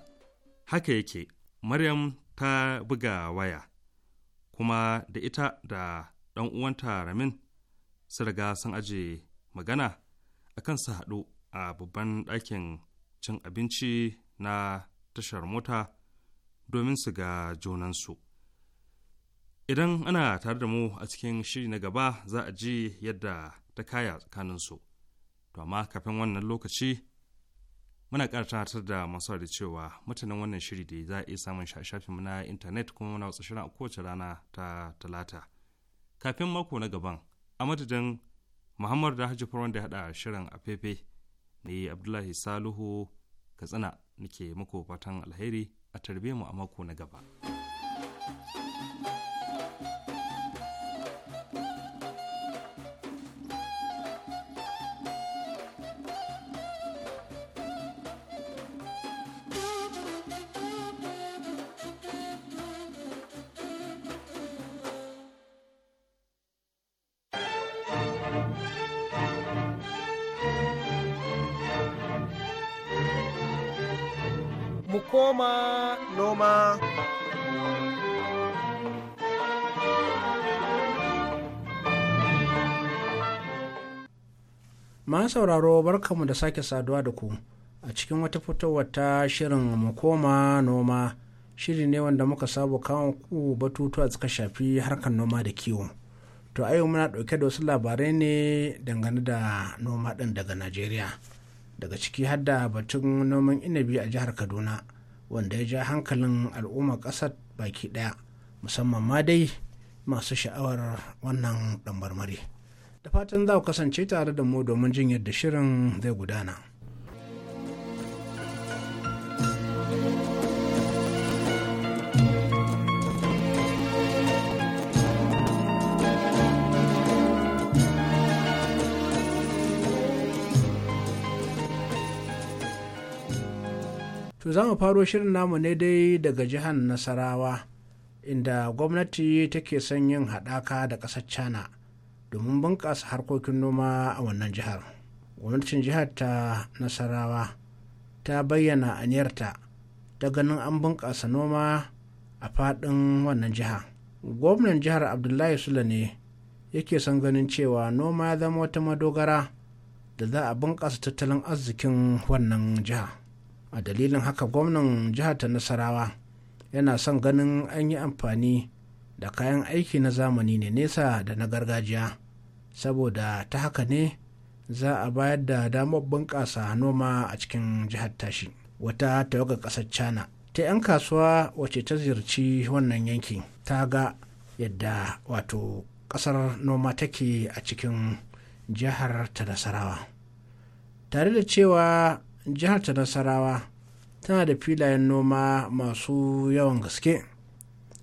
haka yake, Maryam ta buga waya, kuma da ita da ɗan uwanta Ramin su riga sun aje magana akan su haɗu a babban ɗakin cin abinci na tashar mota domin su ga junansu. Idan ana tare da mu a cikin shiri na gaba za a ji yadda ta kaya tsakaninsu, to amma kafin wannan lokaci muna ƙara tunatar da masu da cewa mutanen wannan shiri da za a iya samun shafin shafinmu na intanet kuma muna wasu shirin a kowace rana ta talata kafin mako na gaban a madadin muhammadu da hajji faron da ya haɗa shirin a fefe ne abdullahi saluhu katsina nake muku fatan alheri a tarbe mu a mako na gaba. noma noma ma sauraro barkamu da sake saduwa da ku a cikin wata fitowar ta shirin mu koma noma shiri ne wanda muka saba kawo ku batutuwa suka shafi harkar noma da kiwo to a muna dauke da wasu labarai ne dangane da noma din daga najeriya daga ciki har da batun noman inabi a jihar kaduna wanda ya ja hankalin al'ummar ƙasar baki ɗaya musamman ma dai masu sha'awar wannan ɗan da fatan za ku kasance tare da mu domin jin yadda shirin zai gudana. to za mu faro shirin namu ne dai daga jihar nasarawa inda gwamnati take son yin haɗaka da ƙasar china domin bunƙasa harkokin noma a wannan jihar gwamnatin jihar ta nasarawa ta bayyana aniyarta ta ganin an bunƙasa noma a faɗin wannan jiha gwamnan jihar abdullahi sula ne yake son ganin cewa noma ya zama wata madogara da za a bunƙasa tattalin arzikin wannan jiha a dalilin haka gwamnan jihar ta nasarawa yana son ganin an yi amfani da kayan aiki na zamani ne nesa da na gargajiya saboda ta haka ne za a bayar da damar bunƙasa noma a cikin jihar tashi wata tawaga ƙasar china ta 'yan kasuwa wacce ta ziyarci wannan yanki ta ga yadda wato ƙasar noma take a cikin jihar ta nasarawa tare da cewa jihar ta nasarawa tana da filayen noma masu yawan gaske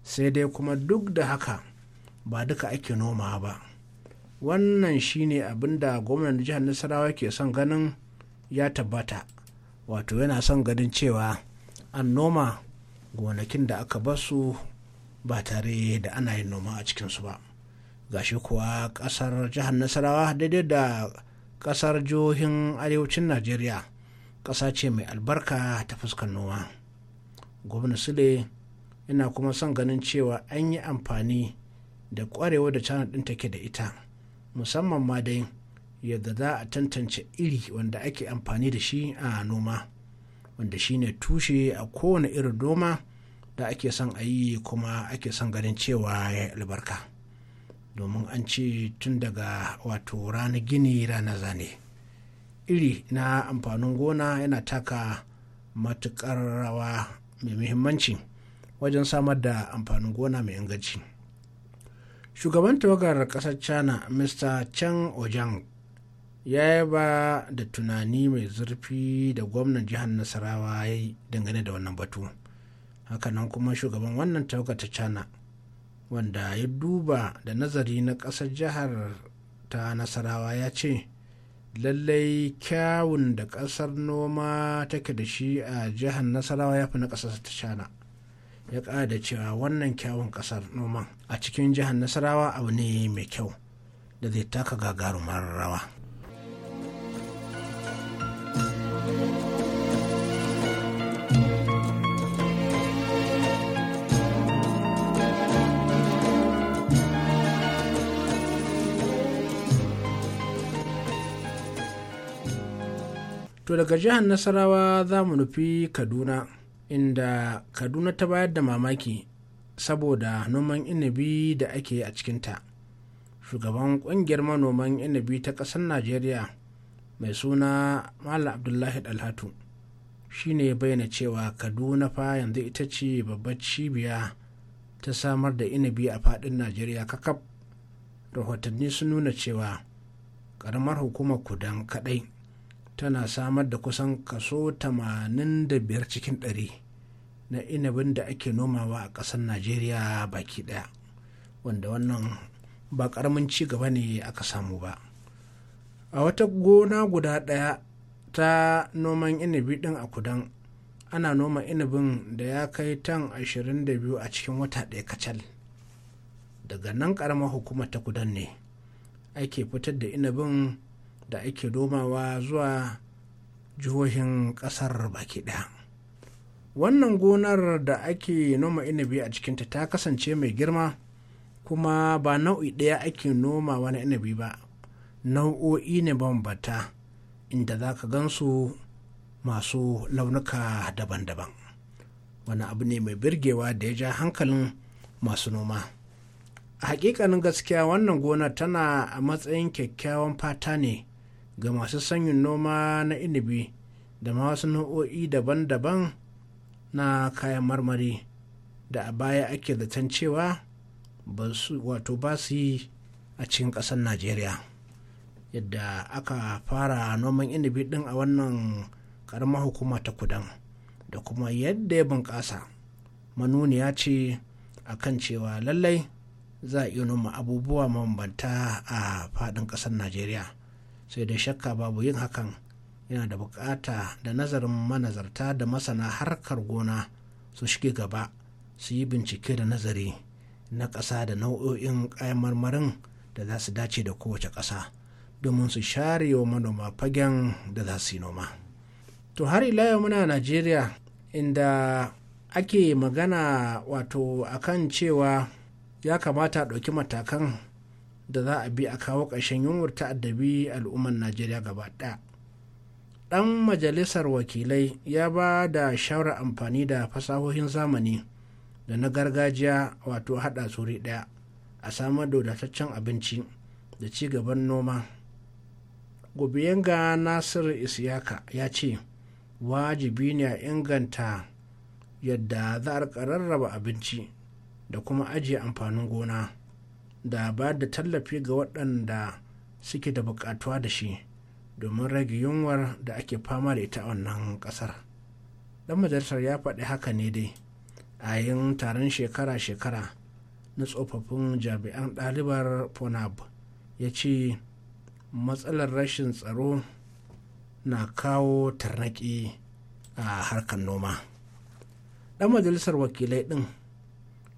sai dai kuma duk da haka ba duka ake noma ba wannan shine abin da gwamnan jihar nasarawa ke son ganin ya tabbata wato yana son ganin cewa an noma gonakin da aka basu ba tare da ana yin noma a cikinsu ba gashi kuwa kasar jihar nasarawa daidai da kasar jihohin arewacin najeriya ƙasa ce mai albarka ta fuskar noma gwamna sule yana kuma son ganin cewa an yi amfani da ƙwarewa da china ɗin take da ita musamman ma dai yadda za a tantance iri wanda ake amfani da shi a noma wanda shi ne tushe a kowane irin noma da ake son a yi kuma ake son ganin cewa ya albarka domin an ce tun daga wato ranar gini ranar zane. iri na amfanin gona yana taka matuƙar rawa mai muhimmanci wajen samar da amfanin gona mai inganci shugaban tawagar ƙasar china mr Chen ojang ya yi ba da tunani mai zurfi da gwamnan jihar nasarawa ya yi dangane da wannan batu hakanan kuma shugaban wannan tawagar ta china wanda ya duba da nazari na ƙasar jihar ta nasarawa ya ce lallai kyawun da ƙasar noma take da shi a jihar nasarawa ya fi na ƙasar ta shana ya ƙada cewa wannan kyawun ƙasar noman a cikin jihar nasarawa abu ne mai kyau da zai taka gagarumar rawa. to daga jihar nasarawa za mu nufi kaduna inda kaduna ta bayar da mamaki saboda noman inabi da ake a cikinta shugaban kungiyar manoman inabi ta ƙasar najeriya mai suna malam abdullahi dalhatu shine bayyana cewa kaduna fa yanzu ita ce babbar cibiya ta samar da inabi a fadin najeriya kakaf rahotanni sun nuna cewa karamar hukumar kudan kaɗai. tana samar da kusan kaso 85 cikin 100 na inabin da ake nomawa a ƙasar najeriya baki ɗaya wanda wannan ba ƙaramin ci gaba ne aka samu ba a wata gona guda ɗaya ta noman inabi ɗin a kudan ana noma inabin da ya kai tan 22 a cikin wata ɗaya kacal daga nan ƙaramar hukumar ta kudan ne ake fitar da inabin da ake domawa zuwa jihohin ƙasar baki ɗaya wannan gonar da ake noma inabi a cikinta ta kasance mai girma kuma ba nau'i ɗaya ake noma wani inabi ba nau'o'i ne bambata inda za ka gansu masu launuka daban-daban wani abu ne mai birgewa da ya ja hankalin masu noma a hakikanin gaskiya wannan gona tana a matsayin kyakkyawan fata ne ga masu sanyin noma na inibi da masu nau'o'i daban-daban na kayan marmari da a baya ake zaton cewa wato ba su yi a cikin ƙasar najeriya yadda aka fara noman inibi ɗin a wannan ƙaramar hukuma ta kudan da kuma yadda ya bunƙasa manuniya ce a kan cewa lallai za a iya noma abubuwa mabambanta a faɗin ƙasar najeriya sai da shakka babu yin hakan yana da bukata da nazarin manazarta da masana harkar gona su shige gaba su yi bincike da nazari na ƙasa da nau'o'in kayan marmarin da za su dace da kowace ƙasa domin su share wa manoma fagen da za su yi noma to har ila yau muna najeriya inda ake magana wato akan cewa ya kamata a ɗauki matakan da za a bi a kawo ƙarshen yunwar ta'addabi al'ummar najeriya gaba ɗaya ɗan majalisar wakilai ya ba da shawarar amfani da fasahohin zamani da na gargajiya wato haɗa tsuri ɗaya a samar da wadataccen abinci da ci gaban noma ga nasir isiyaka ya ce wajibi ne a inganta yadda za a rarraba abinci da kuma ajiye amfanin gona da ba da tallafi ga waɗanda suke da buƙatuwa da shi domin rage yunwar da ake fama da ita a wannan ƙasar ɗan majalisar ya faɗi haka ne dai a yin taron shekara-shekara na tsofaffin jami'an ɗalibar ponab ya ce matsalar rashin tsaro na kawo tarnaki a harkar noma ɗan majalisar wakilai ɗin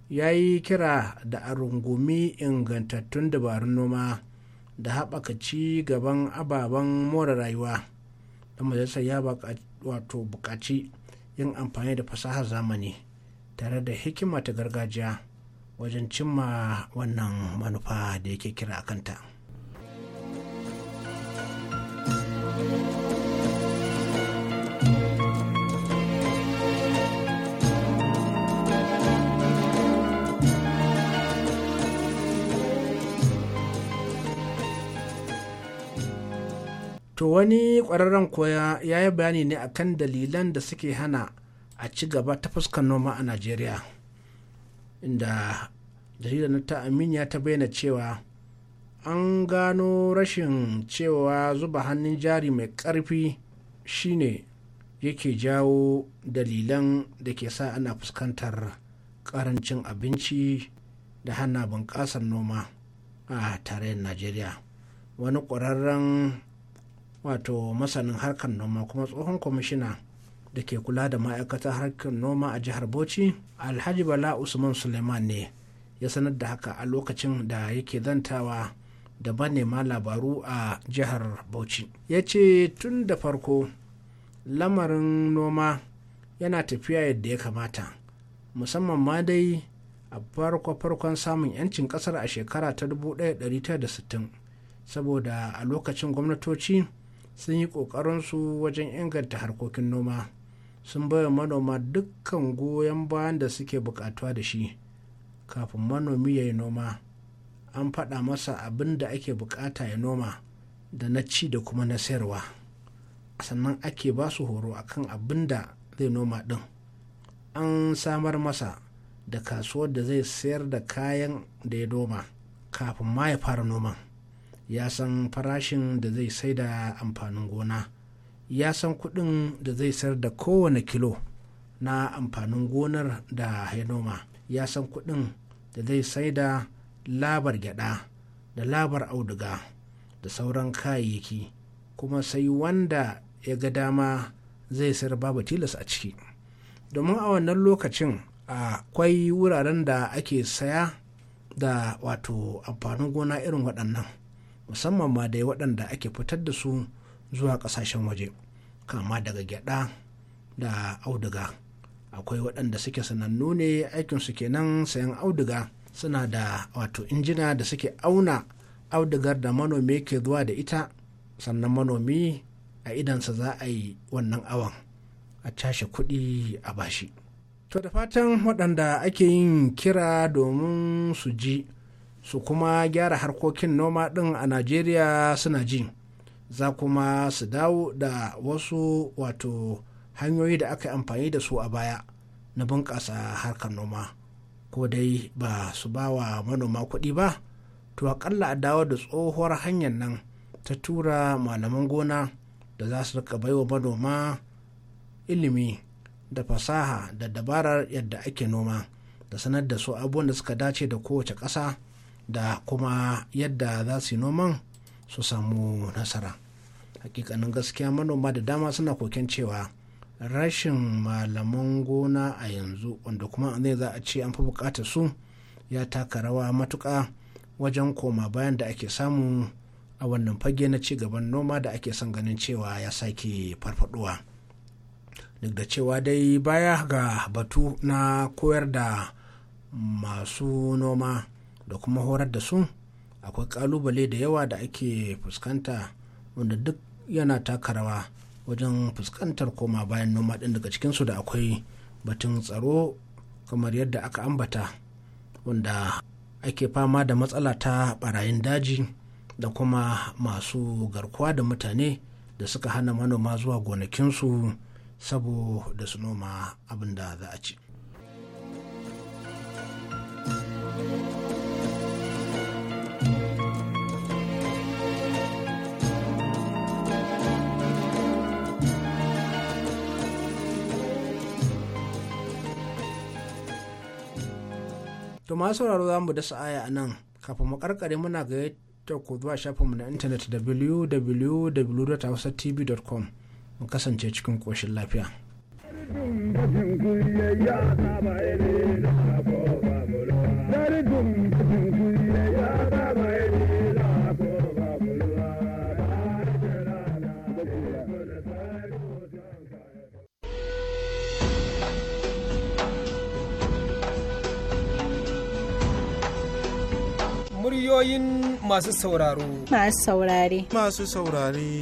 ya yi kira da a rungumi ingantattun dabarun noma da haɓaka ci gaban ababen more rayuwa da majalisar ya wato buƙaci yin amfani da fasahar zamani tare da hikima ta gargajiya wajen cimma wannan manufa da yake kira a kanta. to wani kwararren koya ya yi bayani ne akan dalilan da suke hana a ci gaba ta fuskar noma a najeriya inda jaridar ta aminiya ta bayyana cewa an gano rashin cewa zuba hannun jari mai ƙarfi shine yake jawo dalilan da ke sa ana fuskantar ƙarancin abinci da hana bunƙasar noma a tarayyar najeriya wani ƙwararren wato masanin harkar noma kuma tsohon kwamishina da ke kula da ma'aikatar harkar noma a jihar bauchi alhaji bala usman suleiman ne ya sanar da haka a lokacin da yake zantawa da manema labaru a jihar bauchi ya ce tun da farko lamarin noma yana tafiya yadda ya kamata musamman ma dai a farko-farkon samun 'yancin kasar a shekara ta 1960 saboda a lokacin gwamnatoci sun yi ƙoƙarinsu wajen inganta harkokin noma sun baiwa manoma dukkan goyon bayan da suke bukatuwa da shi kafin manomi ya yi noma an faɗa masa abin da ake buƙata ya noma da na ci da kuma na sayarwa sannan ake ba su horo akan abin da zai noma ɗin an samar masa da kasuwar da zai sayar da kayan da ya noma kafin ma ya fara noman ya san farashin da zai sai da amfanin gona ya san kuɗin da zai sayar da kowane kilo na amfanin gonar da ya noma ya san kuɗin da zai sai da labar gyada da labar auduga da sauran kayayyaki kuma sai wanda ya ga dama zai sayar babu tilas a ciki domin a wannan lokacin akwai wuraren da ake saya da wato amfanin gona irin waɗannan musamman ma dai waɗanda ake fitar da su zuwa ƙasashen waje kama daga gyaɗa da auduga akwai waɗanda suke sanannu ne aikinsu kenan sayan auduga suna da wato injina da suke auna audugar da manomi ke zuwa da ita sannan manomi a idansa za a yi wannan awon a cashe kuɗi a bashi to da fatan waɗanda ake yin kira domin su ji su kuma gyara harkokin noma ɗin a najeriya suna ji za kuma su dawo da wasu wato hanyoyi da aka amfani da su a baya na bunƙasa harkar noma ko dai ba su ba wa manoma kuɗi ba to aƙalla a dawo da tsohuwar hanyar nan ta tura malaman gona da za su rika baiwa manoma ilimi da fasaha da dabarar yadda ake noma da sanar da su abubuwan da suka dace da kowace ƙasa da kuma yadda za su yi noman su samu nasara hakikanin gaskiya manoma da dama suna koken cewa rashin malaman gona a yanzu wanda kuma zai za a ce an fi bukatar su ya taka rawa matuka wajen koma bayan da ake samu a wannan fage na ci gaban noma da ake son ganin cewa ya sake farfaduwa duk da cewa dai baya ga batu na koyar da masu noma da kuma horar da su akwai kalubale da yawa da ake fuskanta wanda duk yana taka rawa wajen fuskantar koma bayan noma ɗin daga cikinsu da akwai batun tsaro kamar yadda aka ambata wanda ake fama da matsala ta barayin daji da kuma masu garkuwa da mutane da suka hana manoma zuwa gonakinsu saboda su noma abin da za a ci. to ma sauraro za mu dasa aya a nan kafin mu karkare muna gayyata ku zuwa mu na intanet www.hausatv.com mu kasance cikin koshin lafiya. Dari dum Muryoyin masu sauraro. Masu saurare. Masu saurare.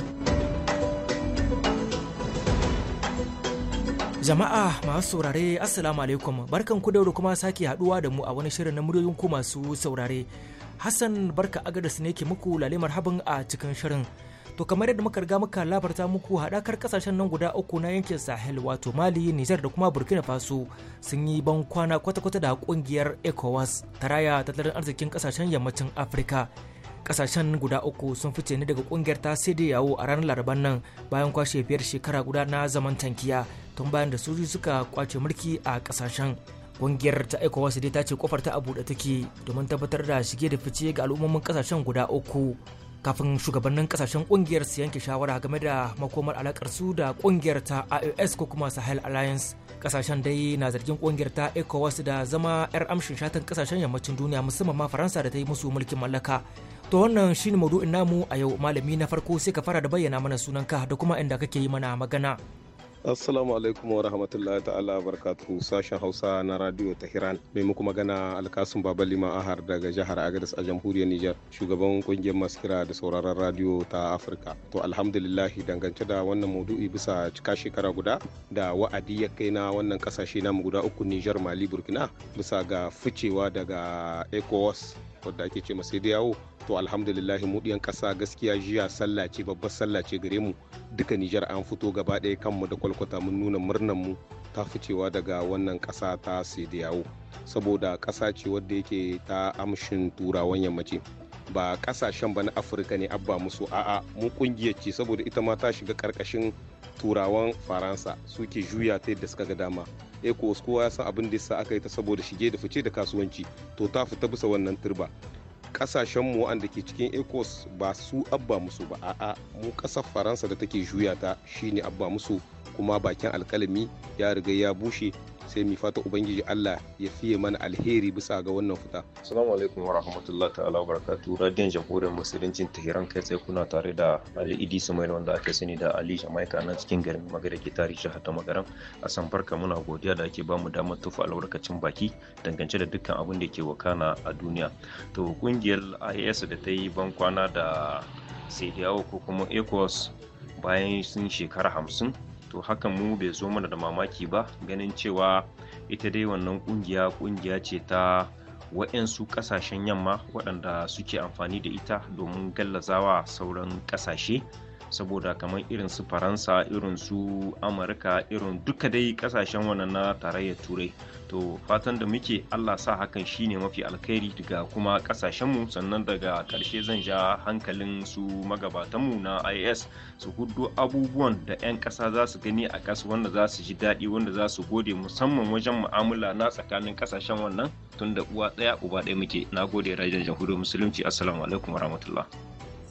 Jama'a masu saurare Assalamu alaikum barkan ku dauro kuma sake haduwa da mu a wani shirin na muryoyin ku masu saurare. Hassan barka agadas ne ke muku lalimar habin a cikin shirin. To kamar yadda muka riga muka labarta muku haɗakar kasashen nan guda uku na yankin Sahel wato Mali, Nijar da kuma Burkina Faso sun yi ban kwana kwata-kwata da kungiyar ECOWAS ta raya tattalin arzikin kasashen yammacin Afirka. Kasashen guda uku sun fice ne daga kungiyar ta sai yawo a ranar Laraban nan bayan kwashe biyar shekara guda na zaman tankiya tun bayan da sojoji suka kwace mulki a kasashen. kungiyar ta ecowas dai ta ce kofar ta a buɗe take domin tabbatar da shige da fice ga al'ummomin kasashen guda uku kafin shugabannin kasashen kungiyar su yanke shawara game da makomar alakar su da kungiyar ta IOS ko kuma Sahel Alliance kasashen dai na zargin kungiyar ta ECOWAS da zama yar amshin shatan kasashen yammacin duniya musamman ma Faransa da ta yi musu mulkin mallaka to wannan shine maudu'in namu a yau malami na farko sai ka fara da bayyana mana sunanka da kuma inda kake yi mana magana Assalamu alaikum wa rahmatullahi ta'ala barkatuhu sashen Hausa na Radio Tehran. Mai muku magana Alkasun Baba Liman Ahar daga jihar agadas a jamhuriyar Nijar, shugaban kungiyar masu kira da sauraron radio ta Afirka. To alhamdulillah dangance da wannan maudu'i bisa cika shekara guda da wa'adi ya kai na wannan kasashe namu guda uku Nijar Mali Burkina bisa ga ficewa daga ECOWAS wadda ake ce sai da yawo to alhamdulillah mu ɗiyan ƙasa gaskiya jiya sallah ce babbar sallah ce gare mu duka Nijar an fito gaba ɗaya kanmu da kwalkwata mun nuna murnan mu ta ficewa daga wannan ƙasa ta sai da yawo saboda ƙasa ce wadda yake ta amshin turawan yammaci ba kasashen ba na afirka ne abba musu a'a mu kungiyar ce saboda ita ma ta shiga karkashin turawan faransa suke juya ta yadda suka ga dama ecos kowa ya san abin da yasa aka yi ta saboda shige da fice da kasuwanci to ta fita bisa wannan turba mu wanda ke cikin ecos ba su abba musu ba a'a mu ƙasar faransa da take juya ta shine abba musu kuma bakin alkalami ya riga ya bushe sai mi fata ubangiji Allah ya fiye mana alheri bisa ga wannan fita assalamu alaikum wa rahmatullahi ta'ala wa barakatuh radiyon jamhuriyar musuluncin tehran kai tsaye kuna tare da Ali Idi Sumail wanda aka sani da Ali Jamaica na cikin garin Magana ke tarihi shahar ta Magaran a san barka muna godiya da ake bamu damar tufa albarkacin baki dangance da dukkan abin da ke wakana a duniya to kungiyar IAS da ta yi ban kwana da sai ko kuma ecos bayan sun shekara hamsin to hakan mu bai zo mana da mamaki ba ganin cewa ita dai wannan kungiya kungiya ce ta wa'yansu kasashen yamma waɗanda suke amfani da ita domin gallazawa sauran kasashe saboda kamar irin su faransa irin su amurka irin duka dai kasashen wannan na tarayyar turai to fatan da muke allah sa hakan shine mafi alkhairi daga kuma kasashenmu sannan daga karshe zan ja hankalin su magabatanmu na is su hudu abubuwan da 'yan kasa za su gani a kasu wanda za su ji daɗi wanda za su gode musamman wajen mu'amala na tsakanin kasashen wannan tun da uwa ɗaya uba ɗaya muke na gode rajin jamhuriyar musulunci assalamu alaikum warahmatullah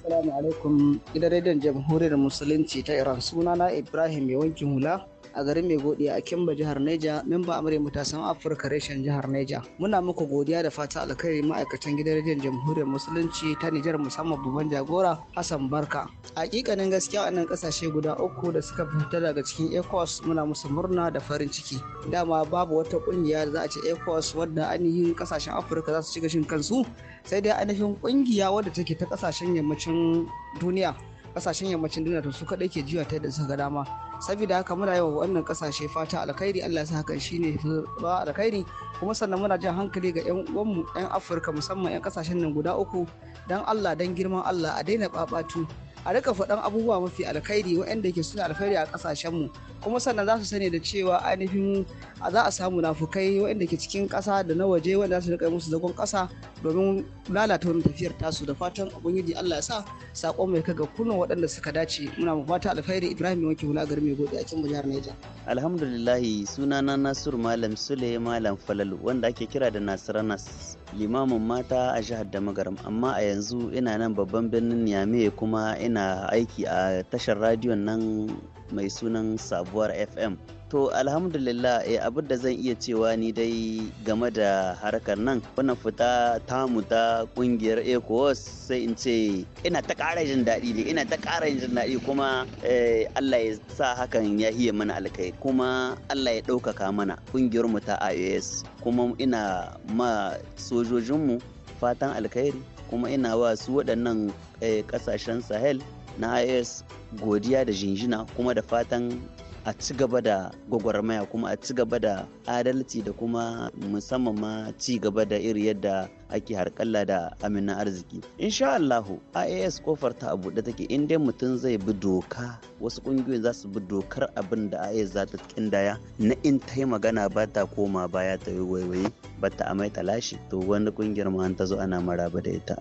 Assalamu alaikum gidan rediyon jamhuriyar musulunci ta Iran sunana Ibrahim mai wankin hula a garin mai godiya a kimba jihar neja memba amurya matasan afirka reshen jihar neja muna muku godiya da fata alkhairi ma'aikatan gidan rediyon jamhuriyar musulunci ta nijar musamman babban jagora hassan barka hakikanin gaskiya wannan kasashe guda uku da suka fita daga cikin ecos muna musu murna da farin ciki dama babu wata kungiya da za a ce ecos wadda ainihin kasashen afirka za su shiga shin kansu sai dai ainihin kungiya wadda take ta kasashen yammacin duniya kasashen yammacin duniya to su kadai ke juya ta yadda suka dama saboda haka muna yawa wannan kasashe fata alkhairi Allah ya sa hakan shine ba alkhairi kuma sannan muna jan hankali ga yan uwanmu yan Afirka musamman yan kasashen nan guda uku dan Allah dan girman Allah a daina babatu a rika faɗan abubuwa mafi alkhairi waɗanda ke suna alkhairi a ƙasashenmu kuma sannan za su sani da cewa ainihin a za a samu nafukai waɗanda ke cikin ƙasa da na waje wanda za su rika musu zagon ƙasa domin lalata wani tafiyar tasu da fatan ubangiji Allah ya sa sakon mai kaga kunnan waɗanda suka dace muna mu fata alkhairi Ibrahim ya wanke hula gari mai gode a cikin jihar Niger alhamdulillah sunana Nasiru Malam Sule Malam Falalu wanda ake kira da Nasiranas limamin mata a jihar Damagaram amma a yanzu ina nan babban birnin Niamey kuma ina aiki a tashar radiyon nan mai sunan Sabuwar FM To alhamdulillah e abin da zan iya cewa ni dai game da harkar nan wani fita ta ta kungiyar ECOWAS sai in ce ina ta ƙara jin daɗi ne ina ta ƙara jin daɗi kuma eh, Allah ya sa hakan ya hiye mana alkai kuma Allah ya ɗaukaka mana kungiyar mu ta IOS kuma ina ma sojojinmu fatan alkhairi kuma ina wa su waɗannan eh, ƙasashen sahel na is godiya da jinjina kuma da fatan a ci gaba da gwagwarmaya kuma a ci gaba da adalci da kuma musamman ma ci gaba da iri yadda ake harkalla da amina arziki insha Allahu IAS kofar ta abu buɗe take in dai mutum zai bi doka wasu kungiyoyin za su bi dokar abin da IAS za ta kindaya na in ta magana ba ta koma baya ta yi waiwaye ba ta amai talashi to wani ƙungiyar ma ta zo ana maraba da ita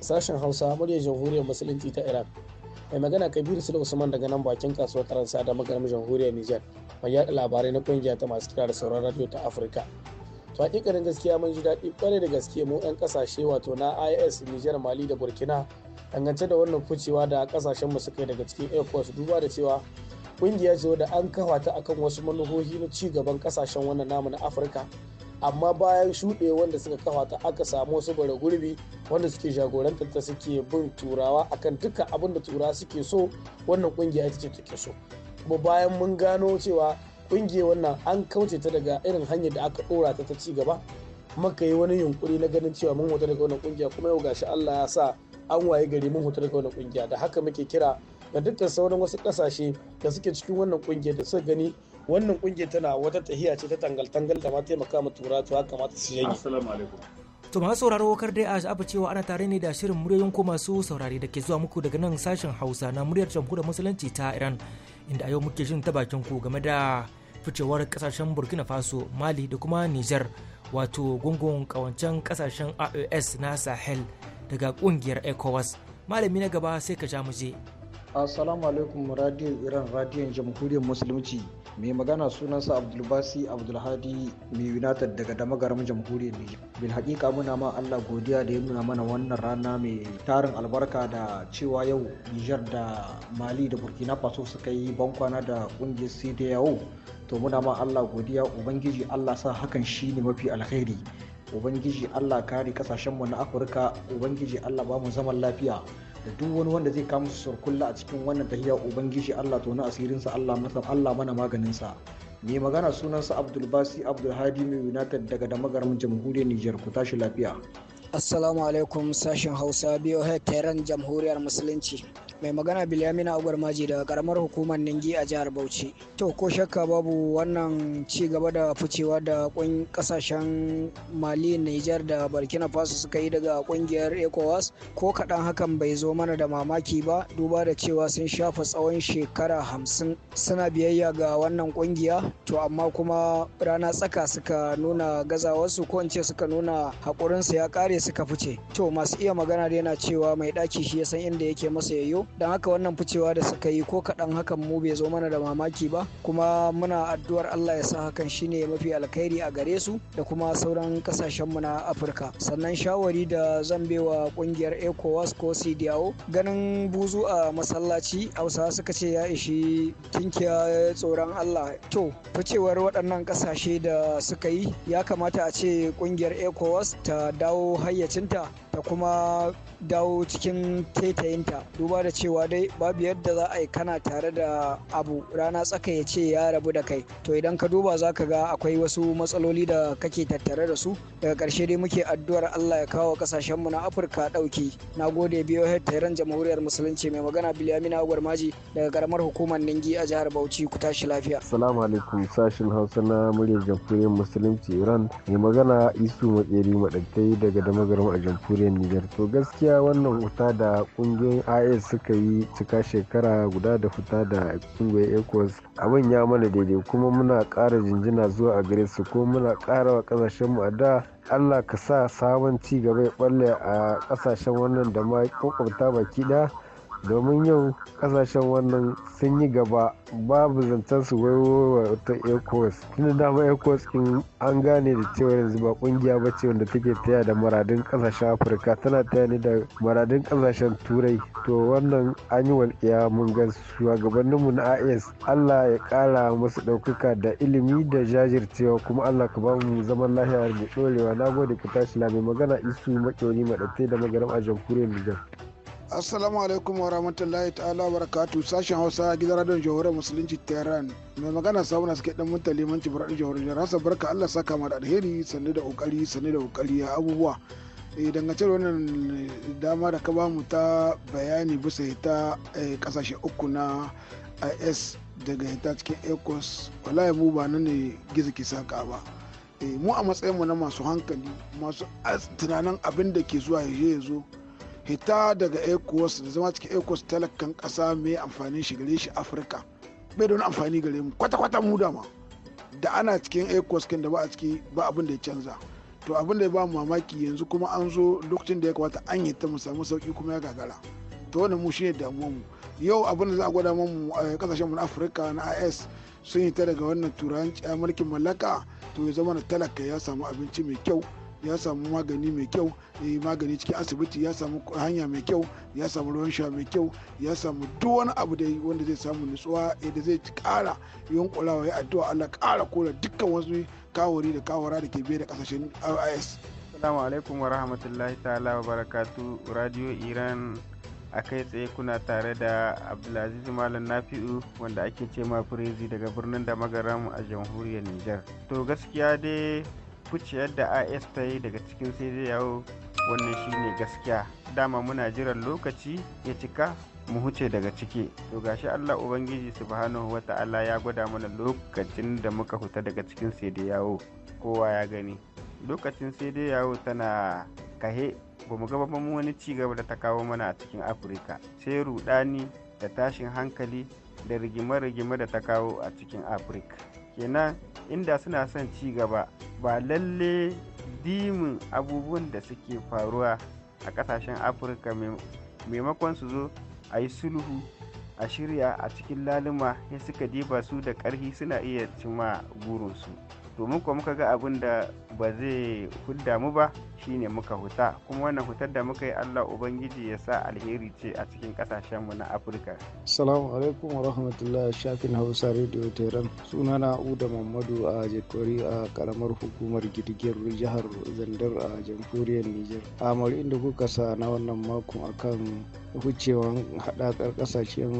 sashen hausa muryar jamhuriyar musulunci ta iraq mai magana kabiru sule usman daga nan bakin kasuwar taransa da magaram jamhuriyar niger mai yaɗa labarai na kungiya ta masu kira da sauran radio ta afirka to hakikanin gaskiya mun ji daɗi kwarai da gaske mu 'yan kasashe wato na is niger mali da burkina dangance da wannan ficewa da kasashen mu kai daga cikin air force duba da cewa kungiya ce da an kafa ta akan wasu manuhohi na ci gaban kasashen wannan namu na afirka amma bayan shuɗe wanda suka kafa ta aka samu wasu bara gurbi wanda suke jagorantar ta suke bin turawa akan duka abin da turawa suke so wannan kungiya ita ce take so kuma bayan mun gano cewa kungiyar wannan an kauce ta daga irin hanyar da aka dora ta ta ci gaba maka yi wani yunkuri na ganin cewa mun hoto daga wannan kungiya kuma yau gashi Allah ya sa an waye gari mun hoto daga wannan kungiya da haka muke kira ga dukkan sauran wasu kasashe da suke cikin wannan kungiyar da suka gani wannan kungiyar tana wata tahiya ce ta tangal-tangal da ma taimaka ma tura to haka mata su Assalamu alaikum. To masu sauraro kar dai a sha'afa cewa ana tare ne da shirin muryoyin ko masu saurari da ke zuwa muku daga nan sashen Hausa na muryar jamhuriyar musulunci ta Iran inda a yau muke jin ta bakin ku game da ficewar kasashen Burkina Faso, Mali da kuma Niger wato gungun kawancen kasashen ios na Sahel daga kungiyar ECOWAS. Malami na gaba sai ka ja mu je. Assalamu alaikum Radio Iran radiyon Jamhuriyar Musulunci. mai magana sunansa abdulbasi abdulhadi mai united daga damagaram jamhuriyar nijar bil haƙiƙa muna ma allah godiya da ya nuna mana wannan rana mai tarin albarka da cewa yau Niger da mali da burkina faso suka yi bankwana da ƙungiyar yawo to muna ma allah godiya ubangiji allah sa hakan shi ne mafi alkhairi ubangiji allah kare kasashenmu na afirka ubangiji allah ba mu zaman lafiya da duk wani wanda zai kama su sarkulla a cikin wannan tahiyar ubangiji Allah to na asirinsa Allah masa Allah mana maganinsa mai magana sunansa Abdulbasi Abdulhadi mai United daga garin jamhuriyar niger ku tashi lafiya Assalamu alaikum sashen Hausa biyo Tehran jamhuriyar Musulunci mai magana bilyamina agwar maji daga karamar hukumar ningi a jihar bauchi to ko shakka babu wannan ci gaba da ficewa da kun kasashen mali niger da burkina faso suka yi daga kungiyar ecowas ko kaɗan hakan bai zo mana da mamaki ba duba da cewa sun shafa tsawon shekara hamsin suna biyayya ga wannan kungiya to amma kuma rana tsaka suka nuna gazawarsu ko in ce suka nuna haƙurinsu ya ƙare suka fice to masu iya magana da yana cewa mai ɗaki shi ya san inda yake masa yayyo don haka wannan ficewa da suka yi ko kaɗan hakan mu bai zo mana da mamaki ba kuma muna addu'ar Allah ya sa hakan shine mafi alkhairi a gare su da kuma sauran mu na Afirka sannan shawari da zan bai wa ƙungiyar ECOWAS ko CDAO ganin buzu a masallaci Hausa suka ce ya ishi tinkiya tsoron Allah to ficewar waɗannan kasashe da suka yi ya kamata a ce ƙungiyar ECOWAS ta dawo hayyacinta ta kuma dawo cikin taitayinta duba da cewa dai babu yadda za a yi kana tare da abu rana tsaka ya ce ya rabu da kai to idan ka duba za ka ga akwai wasu matsaloli da kake tattare da su daga karshe dai muke addu'ar allah ya kawo ƙasashenmu na afirka ɗauki na gode biyo taron jamhuriyar musulunci mai magana bilyamina gwarmaji daga karamar hukumar ningi a jihar bauchi ku tashi lafiya assalamu alaikum sashin hausa na muryar jamhuriyar musulunci iran mai magana isu matseri maɗattai daga damagarmu a jamhuriyar jamhuriyar niger To gaskiya wannan wuta da kungiyoyin IS suka yi cika shekara guda da fita da kungiyar ecos abin ya mana daidai kuma muna kara jinjina zuwa a gare su kuma muna ƙara wa kasashen a da Allah ka sa sabon ci gaba ya balle a ƙasashen wannan da ma kwakwabta baki ɗaya domin yau kasashen wannan sun yi gaba babu zancen su wayewa ta ecos tunda dama ecos in an gane da cewa yanzu ba kungiya ba ce wanda take taya da maradin kasashen afirka tana taya ne da maradin kasashen turai to wannan an yi walƙiya mun ga shugabanninmu na as allah ya kara musu ɗaukaka da ilimi da jajircewa kuma allah ka ba mu zaman lahiya da dorewa na gode ka tashi na magana isu makoni maɗatai da magaram a jamhuriyar nijar assalamu alaikum wa rahmatullahi ta'ala barakatu sashen hausa gidan radon jihohar musulunci tehran mai magana samu na suke dan mutan limanci bar jihohar jihar hasa barka allah saka ma da alheri sannu da kokari sannu da kokari ya abubuwa eh, dangance da wannan dama da ka bamu ta bayani bisa ta kasashe eh, uku na is daga ta cikin ecos wallahi mu ba nan ne gizo ke saka ba eh, mu a matsayin mu na masu hankali masu tunanin abin da ke zuwa ya zo hita daga ecos da zama cikin ecos talakan kasa mai amfani shi gare shi afirka bai da wani amfani gare mu kwata-kwata mu dama da ana cikin ecos kin da ba a ciki ba abin da ya canza to abin da ya ba mamaki yanzu kuma an zo lokacin da ya kamata an yi ta mu samu sauki kuma ya gagara to wannan mu shine damuwar mu yau abin da za a gwada mu a eh, kasashen mu na afirka na is sun yi ta daga wannan turanci eh, mulkin mallaka to ya zama na talaka ya samu abinci mai kyau ya samu magani mai kyau eh, magani cikin asibiti ya samu hanya mai kyau ya samu ruwan sha mai kyau ya samu duk wani abu da wanda zai samu nutsuwa eh, da zai kara yunkulawa ya addu'a Allah kara kora dukkan wasu kawari da kawara da ke biye da kasashen RIS. Assalamu alaikum wa rahmatullahi ta'ala wa barakatu Radio Iran a kai tsaye kuna tare da Abdulaziz Malam Nafi'u wanda ake ce ma daga birnin da magaram a jamhuriyar niger. To gaskiya dai kuciyar da is ta yi daga cikin sai zai yawo wannan shine gaskiya dama muna jiran lokaci ya cika mu huce daga ciki to gashi allah ubangiji subhanahu ta'ala ya gwada mana lokacin da muka huta daga cikin sai dai yawo kowa ya gani lokacin sai dai yawo tana kahe ba mu gaba mu wani ci gaba da ta kawo mana a cikin afirka sai rudani da tashin hankali da rigima rigima da ta kawo a cikin afirka kenan inda suna son ci gaba ba lalle dimin abubuwan da suke faruwa a kasashen afirka maimakon su zo a yi sulhu a shirya a cikin laluma ya suka diba su da ƙarfi suna iya cima burinsu domin kuwa muka ga abin da ba zai hudda mu ba shi ne muka huta kuma wannan hutar da muka yi Allah ubangiji ya sa alheri ce a cikin kasashen na Afirka Salamu alaikum wa rahmatullah shafin Hausa Radio Tehran na Uda Mamadu a Jekori a karamar hukumar girgiyar jihar Zandar a jamhuriyar Niger a inda kuka sa na wannan makon akan wucewan haɗakar ƙasashen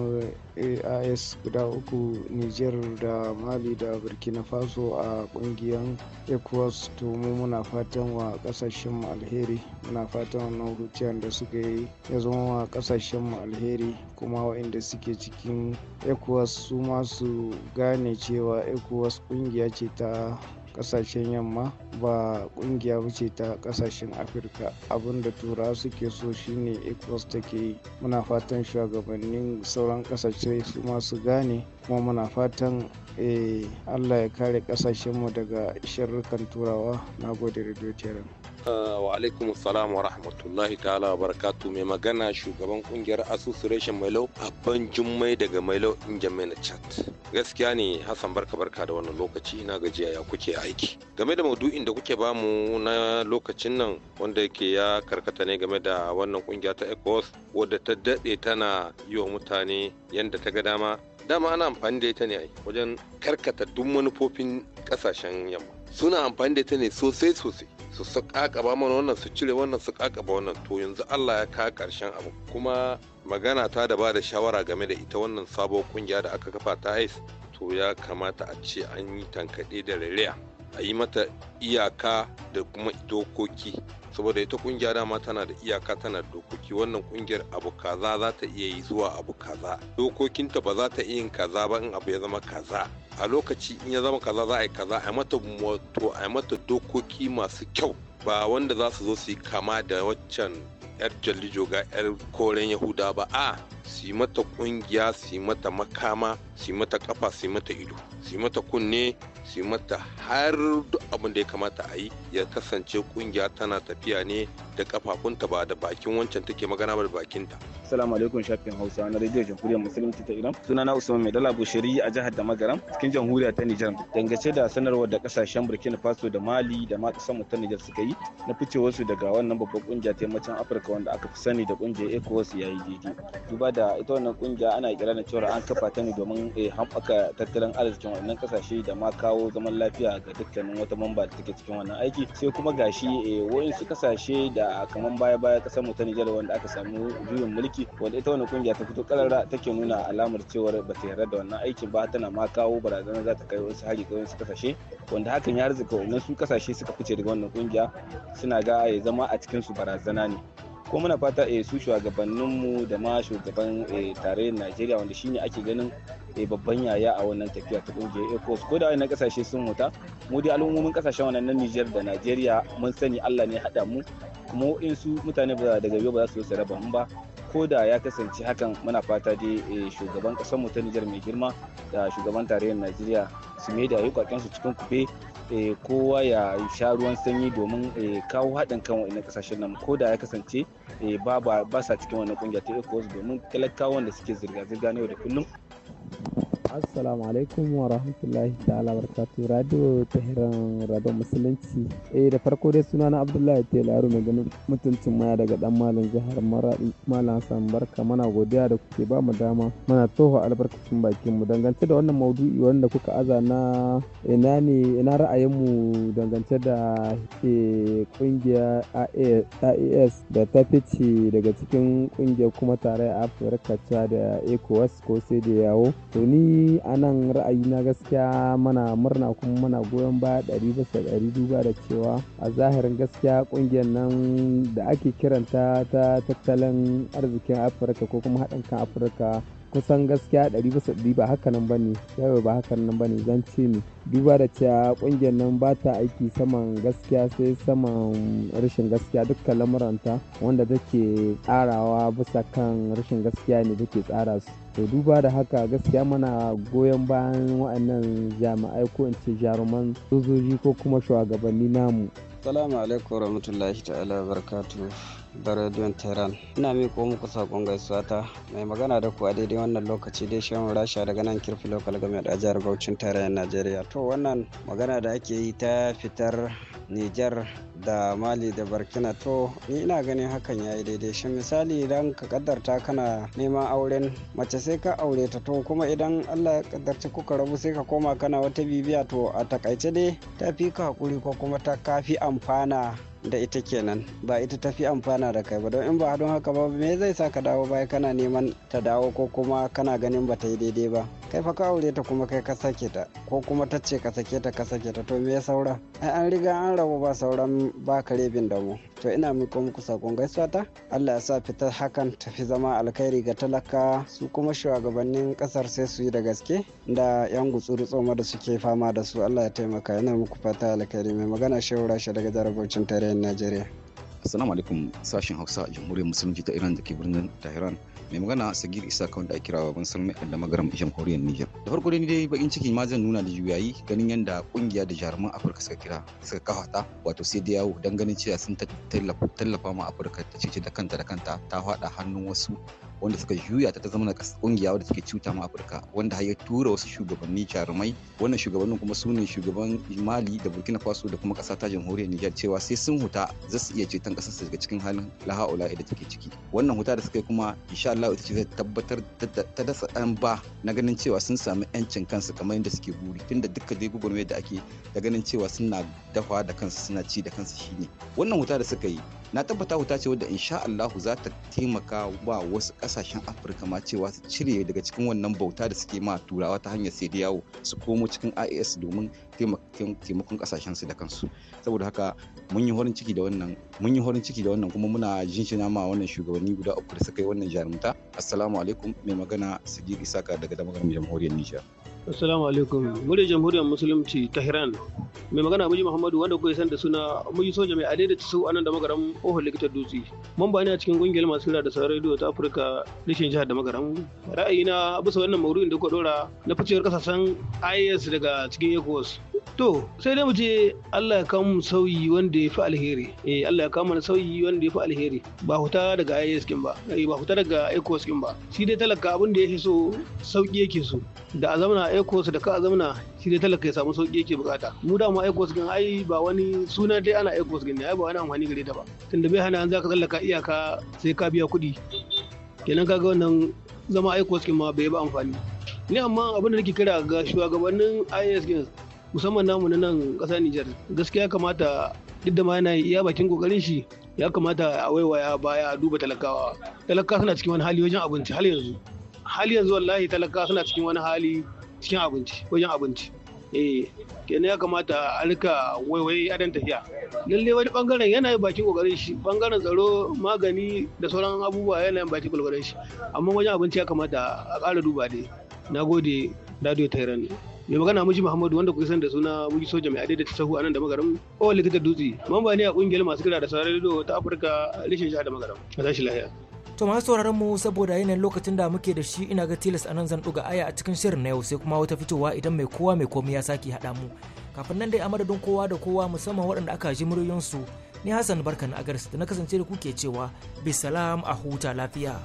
AIS guda uku Niger da Mali da Burkina Faso a ƙungiyar ECOWAS to mu muna fatan wa ƙasashen kasashen mu alheri muna fatan wannan huciyar da suka yi ya zama wa kasashen mu alheri kuma waɗanda suke cikin ecowas su ma su gane cewa ecowas kungiya ce ta kasashen yamma ba ƙungiya wuce ta kasashen afirka abinda tura suke so shine ecowas take yi muna fatan shugabannin sauran kasashe su masu gane kuma muna fatan eh, allah ya kare kasashenmu daga sharrukan turawa na gode da Uh, wa alaikum salam wa rahmatullahi ta'ala wa barakatu mai magana shugaban kungiyar asusu reshen A abban jummai daga lau in jamaina chat gaskiya ne hassan barka barka da wannan lokaci na gajiya ya kuke aiki game da maudu'in da kuke bamu na lokacin nan wanda yake ya karkata ne game da wannan kungiya ta ecos wadda ta dade tana yi wa mutane yanda ta ga dama dama ana amfani da ita ne wajen karkata duk manufofin kasashen yamma suna amfani da ita ne sosai sosai su kakaba mana wannan su cire wannan su kakaba wannan to yanzu Allah ya kawo karshen abu kuma magana ta da ba da shawara game da ita wannan sabuwar kungiya da aka kafa ta ICE to ya kamata a ce an yi tankaɗe da rariya a yi mata iyaka da kuma dokoki saboda ita kungiya dama tana da iyaka tana da dokoki wannan kungiyar abu kaza za ta iya yi zuwa abu kaza dokokinta ba za ta iya yin kaza ba in abu ya zama kaza a lokaci in ya zama kaza za a yi kaza a mata wato a mata dokoki masu kyau ba wanda za su zo su yi kama da waccan yar jallijo ga yar koren yahuda ba a su yi mata kungiya su yi mata makama su yi mata kafa su yi mata ido su yi mata kunne su yi mata har duk abin da ya kamata a yi ya kasance kungiya tana tafiya ne da kafafunta ba da bakin wancan take magana ba da bakinta. Assalamu alaikum shafin Hausa na Radio Jamhuriyar Musulunci ta Iran. Suna na Usman Mai Dala Bushiri a jihar Damagaram cikin Jamhuriya ta Nijar. Dangace da sanarwar da kasashen Burkina Faso da Mali da ma kasar mu ta Nijar suka yi na ficewar su daga wannan babbar kungiya ta yammacin Afirka wanda aka fi sani da kungiyar ECOWAS yayi daidai. Duba da ita wannan kungiya ana kira na cewa an kafa ta ne domin eh, haɓaka tattalin arzikin wannan kasashe da ma kawo kawo zaman lafiya ga dukkanin wata mamba da take cikin wannan aiki sai kuma gashi eh, su kasashe da kaman baya-baya kasar mu ta Nijar wanda aka samu juyin mulki wanda ita wannan kungiya ta fito karara take nuna alamar cewar ba ta yarda da wannan aikin ba tana ma kawo barazana za ta kai wasu hari ga wasu kasashe wanda hakan ya arzika wannan su kasashe suka fice daga wannan kungiya suna ga ya zama a cikin su barazana ne ko muna fata eh, su mu da ma shugaban eh, tarayyar najeriya wanda shine ake ganin eh, babban yaya a wannan tafiya ta kungiyar ecos ko da wani kasashe sun huta mu dai al'ummomin kasashen wannan na niger da najeriya mun sani allah ne haɗa mu kuma in su mutane ba daga yau ba za su zo raba mu ba ko da ya kasance hakan muna fata dai eh, shugaban ƙasarmu ta niger mai girma da shugaban tarayyar najeriya su mai da su cikin kube Eh, kowa ya sha ruwan sanyi domin eh, kawo haɗin kan wa'annan kasashen nan ko da ya kasance eh, ba sa cikin wannan kungiya ta ecos domin talakawan da suke zirga-zirga na yau da kullum assalamu alaikum wa rahmatullahi ta'ala barkatu radio ta hiran musulunci eh da farko dai suna na abdullahi telaro mai ganin mutuncin maya daga dan malam jihar maradi malam hassan barka mana godiya da kuke ba mu dama mana toho albarkacin bakin mu dangance da wannan maudu'i wanda kuka aza na ina ne ina ra'ayin mu dangance da ke kungiya AES da ta fice daga cikin kungiyar kuma tare a Afirka ta da ECOWAS ko sai da yawo to ni a nan na gaskiya mana murna kuma mana goyon ba ɗari bisa ɗari duba da cewa a zahirin gaskiya ƙungiyar nan da ake kiranta ta tattalin arzikin afirka ko kuma haɗin kan afirka kusan gaskiya ɗari bisa ɗari ba haka nan bane yau ba haka nan bane zan ce ne duba da cewa ƙungiyar nan ba ta aiki saman gaskiya sai saman rashin gaskiya dukkan lamuranta wanda take tsarawa bisa kan rashin gaskiya ne take tsara su to duba da haka gaskiya mana goyon bayan wa'annan jami'ai ko in ce jaruman sojoji ko kuma shugabanni namu salamu alaikum warahmatullahi ta'ala barakatuh da rediyon tehran ina ko muku saƙon gaisuwa ta mai magana da ku a daidai wannan lokaci dai shan rasha daga nan kirfi local government a jihar bauchin tarayyar najeriya to wannan magana da ake yi ta fitar nijar da mali da burkina to ni ina ganin hakan ya yi daidai shi misali idan ka kaddarta kana neman auren mace sai ka aure ta to kuma idan allah ya kaddarci kuka rabu sai ka koma kana wata bibiya to a takaice dai ta fi ka hakuri ko kuma ta kafi amfana da ita kenan ba ita tafi amfana da kai ba don in ba don haka ba me zai sa ka dawo baya kana neman ta dawo ko kuma kana ganin ba ta yi daidai ba kai fa ka aure ta kuma kai ka sake ta ko kuma ta ce ka sake ta ka sake ta to me ya saura an riga an rabu ba sauran ba ba karebin da mu to ina miko muku sakon gaisuwa ta Allah ya sa fitar hakan tafi zama alkhairi ga talaka su kuma shugabannin kasar sai su yi da gaske da yan gutsuru tsoma da suke fama da su Allah ya taimaka ina muku fata alkhairi mai magana shehu rasha daga jarabocin tarayyar Najeriya Assalamu alaikum sashen Hausa Jamhuriyar Musulunci ta Iran da ke birnin Tehran mai magana sagir isa kawai da kira baban salmai da magaram jamhuriyar niger da farko dai dai bakin ciki ma zan nuna da juyayi ganin yadda kungiya da jaruman afirka suka kira suka kawata wato sai da yawo don ganin cewa sun tallafa ma afirka ta cece da kanta da kanta ta faɗa hannun wasu wanda suka juya ta ta zama kungiya wadda suke cuta ma afirka wanda har ya tura wasu shugabanni jarumai wannan shugabannin kuma su ne shugaban mali da burkina faso da kuma kasa ta jamhuriyar Nijar cewa sai sun huta za su iya ceton kasar su daga cikin halin laha'ula da take ciki wannan huta da suka yi kuma insha Allah ita ce zai tabbatar ta dasa ɗan ba na ganin cewa sun sami yancin kansu kamar yadda suke buri tunda dukkan dai gugurmai da ake da ganin cewa suna dafa da kansu suna ci da kansu shine wannan huta da suka yi na tabbata wuta ce wadda insha Allahu za ta taimaka ba wasu kasashen Afirka ma cewa su cire daga cikin wannan bauta da suke ma turawa ta hanyar sai yawo su komo cikin IAS domin taimakon kasashen su da kansu saboda haka mun yi horin ciki da wannan mun yi horin ciki da wannan kuma muna jinjina ma wannan shugabanni guda uku da suka yi wannan jarumta assalamu alaikum mai magana Sagir Isaka daga damar jamhuriyar Nijar Assalamu alaikum. Muryar Jamhuriyar Musulunci Tehran. Mai magana Muji Muhammadu wanda kuka san da suna Muji Soja mai adai da su anan da magaram Ohol Likitar Dutse. Mun ne a cikin kungiyar masu kira da sauran rediyo ta Afirka rishin jihar da magaram. Ra'ayina bisa wannan maudu'in da kuka dora na ficewar kasashen IS daga cikin ECOWAS. To sai dai mu ce Allah ya kawo mu sauyi wanda ya fi alheri. Eh Allah ya kawo mana sauyi wanda ya fi alheri. Ba huta daga IS kin ba. Eh ba huta daga ECOWAS kin ba. Shi dai talaka abin da ya fi so sauki yake so. Da a zamana aiko su da ka zamana shi ne talaka ya samu sauki yake bukata mu da mu aiko su gan ai ba wani suna dai ana aiko su ne ai ba wani amfani gare ta ba tunda bai hana an zaka tsallaka iyaka sai ka biya kuɗi kenan kaga wannan zama aiko su ma bai ba amfani ni amma abin da nake kira ga shugabannin ISGN musamman namu na nan ƙasar Nijar gaskiya kamata duk da ma yana iya bakin kokarin shi ya kamata a waiwaya baya a duba talakawa talakawa suna cikin wani hali wajen abinci hal yanzu hal yanzu wallahi talaka suna cikin wani hali cikin abinci wajen abinci eh kenan ya kamata a rika waiwaye adan tafiya lalle wani bangaren yana yin bakin kokarin shi bangaren tsaro magani da sauran abubuwa yana yin bakin kokarin shi amma wajen abinci ya kamata a ƙara duba dai nagode radio tehran mai magana miji muhammadu wanda kuke sani da suna muji soja mai adai da sahu a nan da magaram kowa likita dutse mamba ne a kungiyar masu kira da sauran radio ta afirka rishin sha da magaram a tashi lahiya To masu sauraron mu saboda yanayin lokacin da muke da shi ina ga tilas a nan zan ɗuga aya a cikin shirin na yau sai kuma wata fitowa idan mai kowa mai komai ya sake haɗa mu. Kafin nan dai a madadin kowa da kowa musamman waɗanda aka ji muryoyinsu ni Hassan Barkan Agars da na kasance da kuke cewa bisalam a huta lafiya.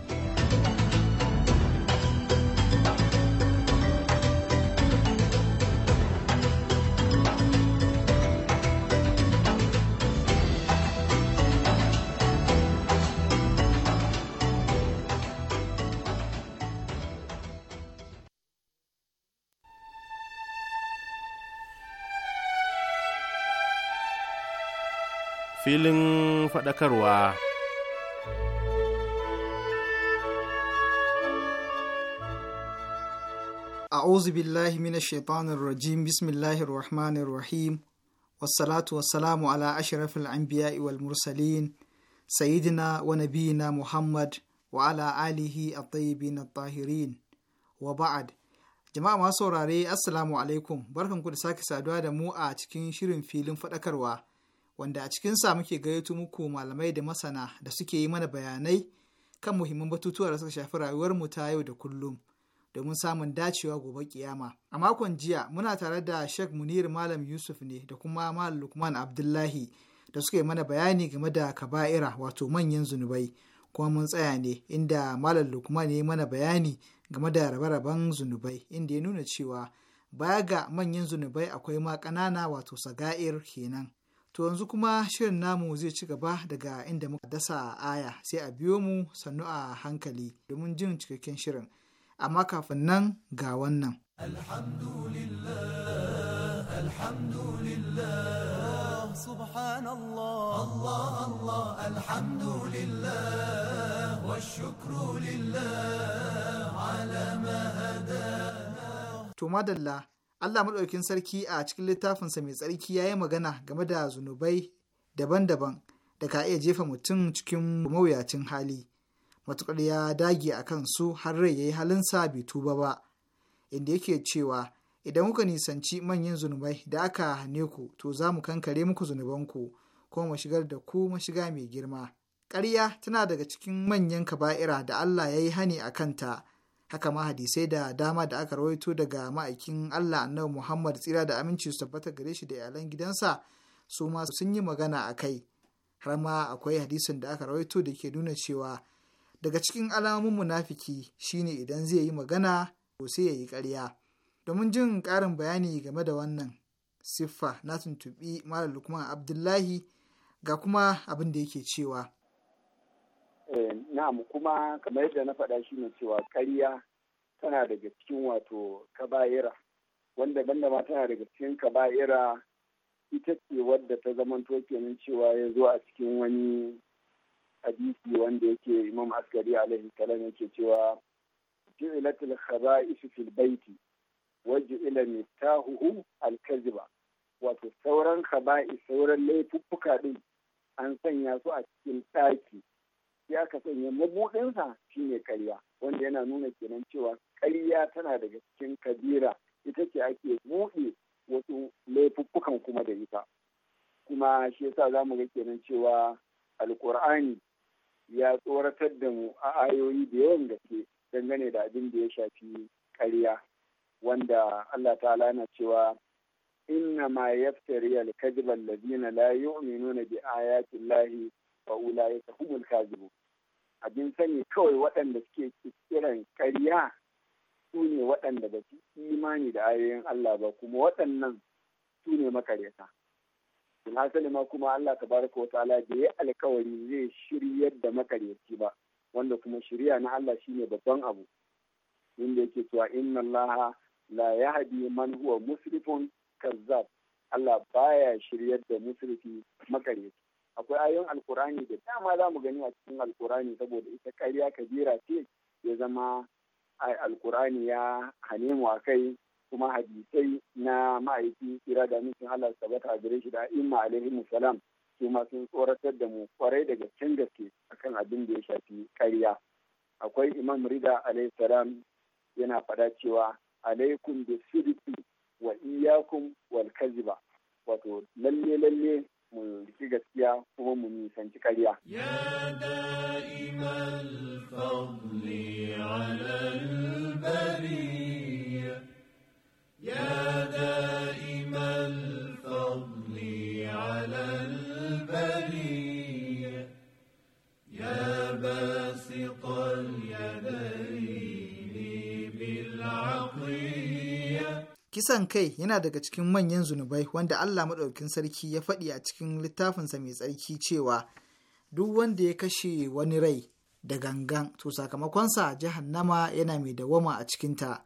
filin faɗakarwa. A'udhu billahi mina shaitanir rajim bismillahir rahmanir rahim wassalatu wassalamu ala ashrafil anbiya'i wal mursalin sayidina wa nabiyina Muhammad wa ala alihi at-tayyibin at-tahirin wa ba'ad. Jama'a masu saurare assalamu alaikum barkanku da sake saduwa da mu a cikin shirin filin faɗakarwa. wanda a cikin sa muke gayyato muku malamai da masana da suke yi mana bayanai kan muhimman batutuwa da suka shafi rayuwarmu ta yau da kullum domin samun dacewa gobe kiyama. A makon jiya muna tare da Sheikh Munir Malam Yusuf ne da kuma Malam Lukman Abdullahi da suka yi mana bayani game da kaba'ira wato manyan zunubai kuma mun tsaya ne inda Malam Lukman ya yi mana bayani game da rabe-raben zunubai inda ya nuna cewa baya ga manyan zunubai akwai ma ƙanana wato saga'ir kenan. To yanzu kuma shirin namu zai ci gaba daga inda muka dasa aya sai a biyo mu sannu a hankali domin jin cikakken shirin. Amma kafin nan ga wannan. Alhamdulillah, To madalla. Allah maɗaukin sarki a cikin littafinsa mai tsarki ya yi magana game da zunubai daban-daban da ka iya jefa mutum cikin mawuyacin hali matuƙar ya dage a kan su har rai ya yi halinsa bai tuba ba inda yake cewa idan kuka nisanci manyan zunubai da aka hane ku to za mu kankare muku zunubanku kuma mu shigar da ku mashiga mai girma ƙarya tana daga cikin manyan kaba'ira da Allah ya yi hani a kanta haka ma hadisai da dama da aka rawaito daga ma'aikin Allah annabi Muhammad tsira da aminci su tabbata gare shi da iyalan gidansa su ma sun yi magana a kai har ma akwai hadisin da aka rawaito da ke nuna cewa daga cikin alamomin munafiki shine idan zai yi magana to sai ya yi ƙarya domin jin ƙarin bayani game da wannan siffa na tuntubi malam lukman abdullahi ga kuma abin da yake cewa Eh, na'am kuma kamar yadda na faɗa shi ne cewa ƙarya tana daga cikin wato kaba'ira wanda banda ma tana daga cikin kaba'ira ita ce wadda ta zamanto kenan cewa ya zo a cikin wani hadisi wanda yake imam askari alaihi salam yake cewa ju'ilatul khaba'isu fil baiti wa ju'ila mitahuhu al kaziba wato sauran khaba'is sauran laifuffuka din an sanya su a cikin ɗaki ya ka sanya mabuɗinsa shine karya wanda yana nuna kenan cewa karya tana daga cikin kabira ita ce ake buɗe wasu laifuffukan kuma da ita kuma shi yasa za mu ga kenan cewa alkur'ani ya tsoratar da mu a ayoyi da yawan gaske dangane da abin da ya shafi karya wanda Allah ta'ala na cewa inna ma yaftari al lazina layu la yu'minuna bi ayati llahi fa'ula'ika humul kazibu abin sani kawai waɗanda suke kiran ƙarya su ne waɗanda ba su imani da ayoyin Allah ba kuma waɗannan su ne makaryata hasali ma kuma Allah ta baraka wa ta'ala da ya alkawari zai shiryar da makaryaci ba wanda kuma shirya na Allah shine babban abu inda yake cewa inna Allah la yahdi man huwa musrifun kazzab Allah baya shiryar da musrifi makaryaci akwai ayoyin alkurani da dama za mu gani a cikin alkurani saboda ita karya kabira ce ya zama alkurani ya hane mu a kai kuma hadisai na ma'aiki kira da mutum Allah sabata a gare shi da imma alaihi musalam su ma sun tsoratar da mu kwarai daga can gaske akan abin da ya shafi karya akwai imam rida alaihi salam yana faɗa cewa alaikum bi sidiki wa iyakum wal kaziba wato lalle lalle mu riki gaskiya kuma mu nisanci ƙarya. Ya da'imal fadli ala al-bariyya Ya da'imal fadli ala al-bariyya Ya basiqal yadayya kisan kai yana daga cikin manyan zunubai wanda Allah maɗaukin sarki ya faɗi a cikin littafinsa mai tsarki cewa duk wanda ya kashe wani rai da gangan to sakamakonsa jahannama yana mai dawama a cikinta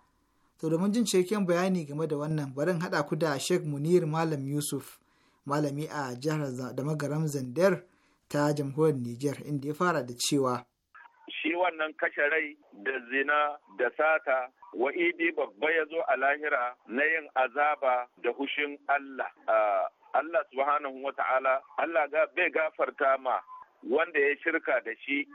to domin jin cikakken bayani game da wannan barin haɗa ku da Sheikh Munir Malam Yusuf malami a jihar da magaram Zandar ta jamhuriyar Niger, inda ya fara da cewa shi wannan kashe rai da zina da sata wa'idi babba ya zo a lahira na yin azaba da hushin Allah. Allah subhanahu wa ta'ala, Allah bai gafarta ma wanda ya shirka da shi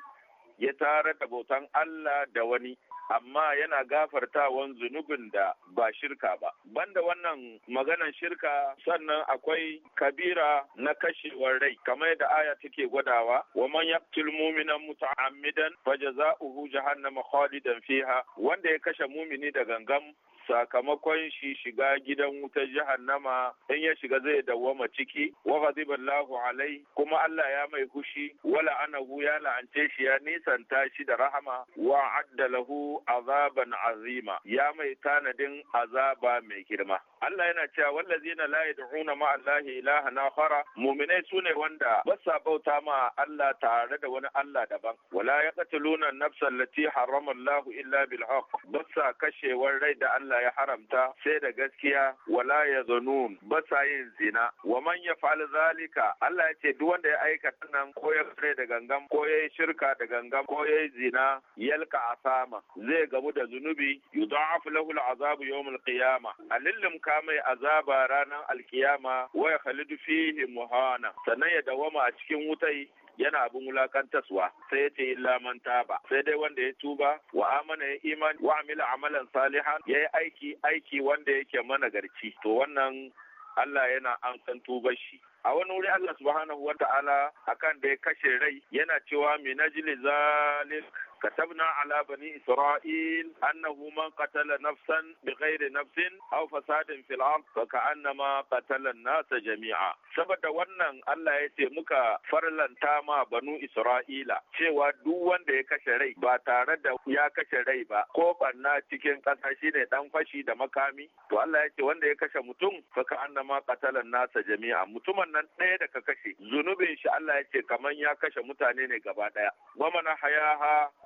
ya tare da bautan Allah da wani amma yana gafartawan zunubin da ba shirka ba. Banda wannan maganan shirka sannan akwai kabira na kashewar rai kamar yadda aya take gwadawa wa man yaqtul mu'mina muta'ammidan fa jaza'uhu jahannama khalidan fiha wanda ya kashe mumini da gangan sakamakon shi shiga gidan wutar jahannama in ya shiga zai dawwama ciki wa lahu alai kuma Allah ya mai hushi wala anahu ya la'ance shi ya nisanta shi da rahama wa addalahu azaban azima ya mai tanadin azaba mai girma Allah yana cewa wallazina la yad'una ma ilaha na akhara mu'minai sune wanda ba sa bauta ma Allah tare da wani Allah daban wala yaqtuluna an-nafsa allati harrama illa bil haqq ba sa kashewar rai da Allah Allah ya haramta sai da gaskiya wala ya zanun ba sa yin zina wa man ya fa'al zalika Allah ya ce duk wanda ya aikata nan ko ya da gangan ko ya yi shirka da gangan ko ya yi zina yalka asama zai gamu da zunubi yudha'afu lahu al'azabu yawm al-qiyama alillim ka mai azaba ranar alkiyama wa ya khalidu fihi muhana sannan ya dawama a cikin wutai yana abin wulakantaswa sai ya ce laman taba sai dai wanda ya tuba wa amana ya imani wa amila amalan salihan ya yi aiki aiki wanda yake mana garci to wannan Allah yana an san tubar shi a wani wuri Allah subhanahu wa ta'ala akan da ya kashe rai yana cewa minajli zalik كتبنا على بني إسرائيل أنه من قتل نفسا بغير نفس أو فساد في الأرض فكأنما قتل الناس جميعا saboda wannan Allah ya ce muka farlanta ma banu Isra'ila cewa duk wanda ya kashe rai ba tare da ya kashe rai ba ko barna cikin ƙasa shine dan fashi da makami to Allah ya ce wanda ya kashe mutum faka annama qatalan nasa jami'a mutumin nan ɗaya da ka kashe zunubin shi Allah ya ce kaman ya kashe mutane ne gaba ɗaya wa mana hayaha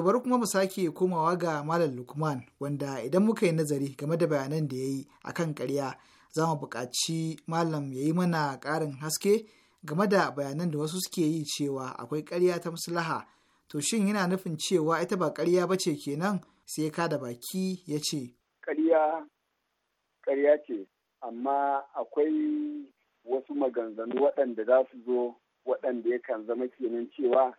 To bari kuma mu sake komawa ga Malam Lukman wanda idan muka yi nazari game da bayanan da ya yi a kan ƙarya za mu buƙaci Malam ya yi mana ƙarin haske game da bayanan da wasu suke yi cewa akwai ƙarya ta maslaha. To shin yana nufin cewa ita ba ƙarya ba ce kenan sai ka da baki ya ce. Ƙarya ƙarya ce amma akwai wasu maganganu waɗanda za su zo waɗanda yakan zama kenan cewa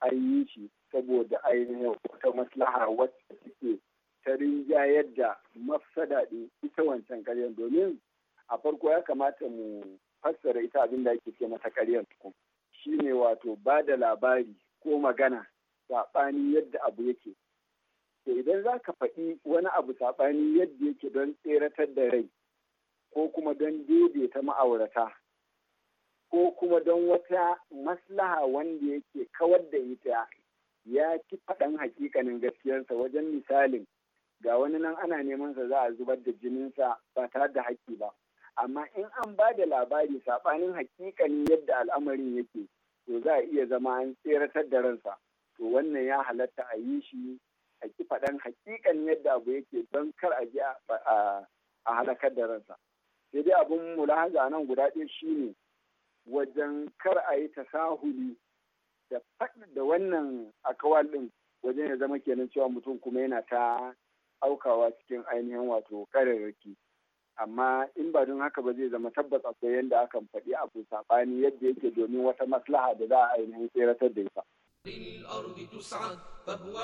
an yi shi saboda ainihin wata maslaha wacce take ta rinjayar da mafsada ɗin ita wancan karyar domin a farko ya kamata mu fassara ita abin da ake ce mata karyar shi ne wato ba da labari ko magana saɓani yadda abu yake to idan za ka faɗi wani abu saɓani yadda yake don tseratar da rai ko kuma don daidaita ma'aurata ko kuma don wata maslaha wanda yake kawar da ita ya ki faɗan hakikanin gaskiyarsa wajen misalin ga wani nan ana neman sa za a zubar da jinin sa ba tare da haƙƙi ba amma in an ba da labari saɓanin hakikanin yadda al'amarin yake to za a iya zama an tseratar da ransa to wannan ya halatta a yi shi a ki faɗan hakikanin yadda abu yake don kar a je a halakar da ransa sai dai abin mulahaza nan guda ɗaya shine wajen kar a yi tasahuli da da wannan akawal ɗin wajen ya zama kenan cewa mutum kuma yana ta aukawa cikin ainihin wato kararraki amma in ba don haka ba zai zama tabbas akwai yadda akan faɗi abu saɓani yadda yake domin wata maslaha da za a ainihin tseratar da ita. للأرض تسعد فهو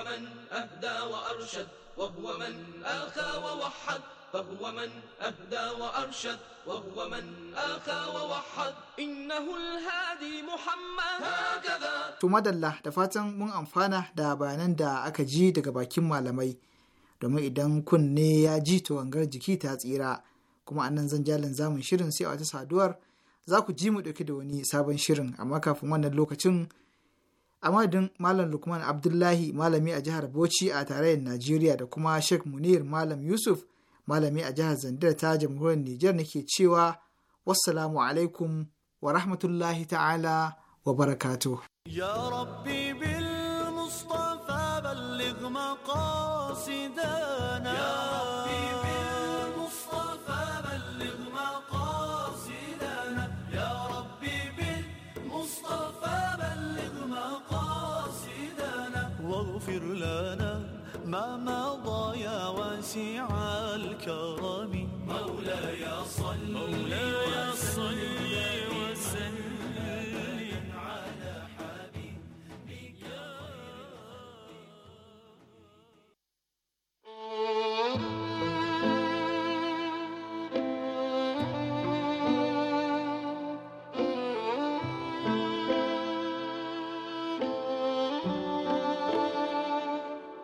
فهو من أهدى وأرشد وهو من آخى ووحد إنه الهادي محمد هكذا to madalla da fatan mun amfana da bayanan da aka ji daga bakin malamai domin idan kunne ya ji to gangar jiki ta tsira kuma anan zan jalin zamun shirin sai a wata saduwar za ku ji mu dauke da wani sabon shirin amma kafin wannan lokacin a madadin malam lukman abdullahi malami a jihar bauchi a tarayyar najeriya da kuma sheikh munir malam yusuf malami a jihar Zandar ta jamhuriyar Nijar nake cewa wassalamu alaikum wa rahmatullahi ta'ala wa barakatuh. يا ربي بالمصطفى بلغ مقاصدنا ما مضى يا واسع الكرم مولاي صل مولاي صل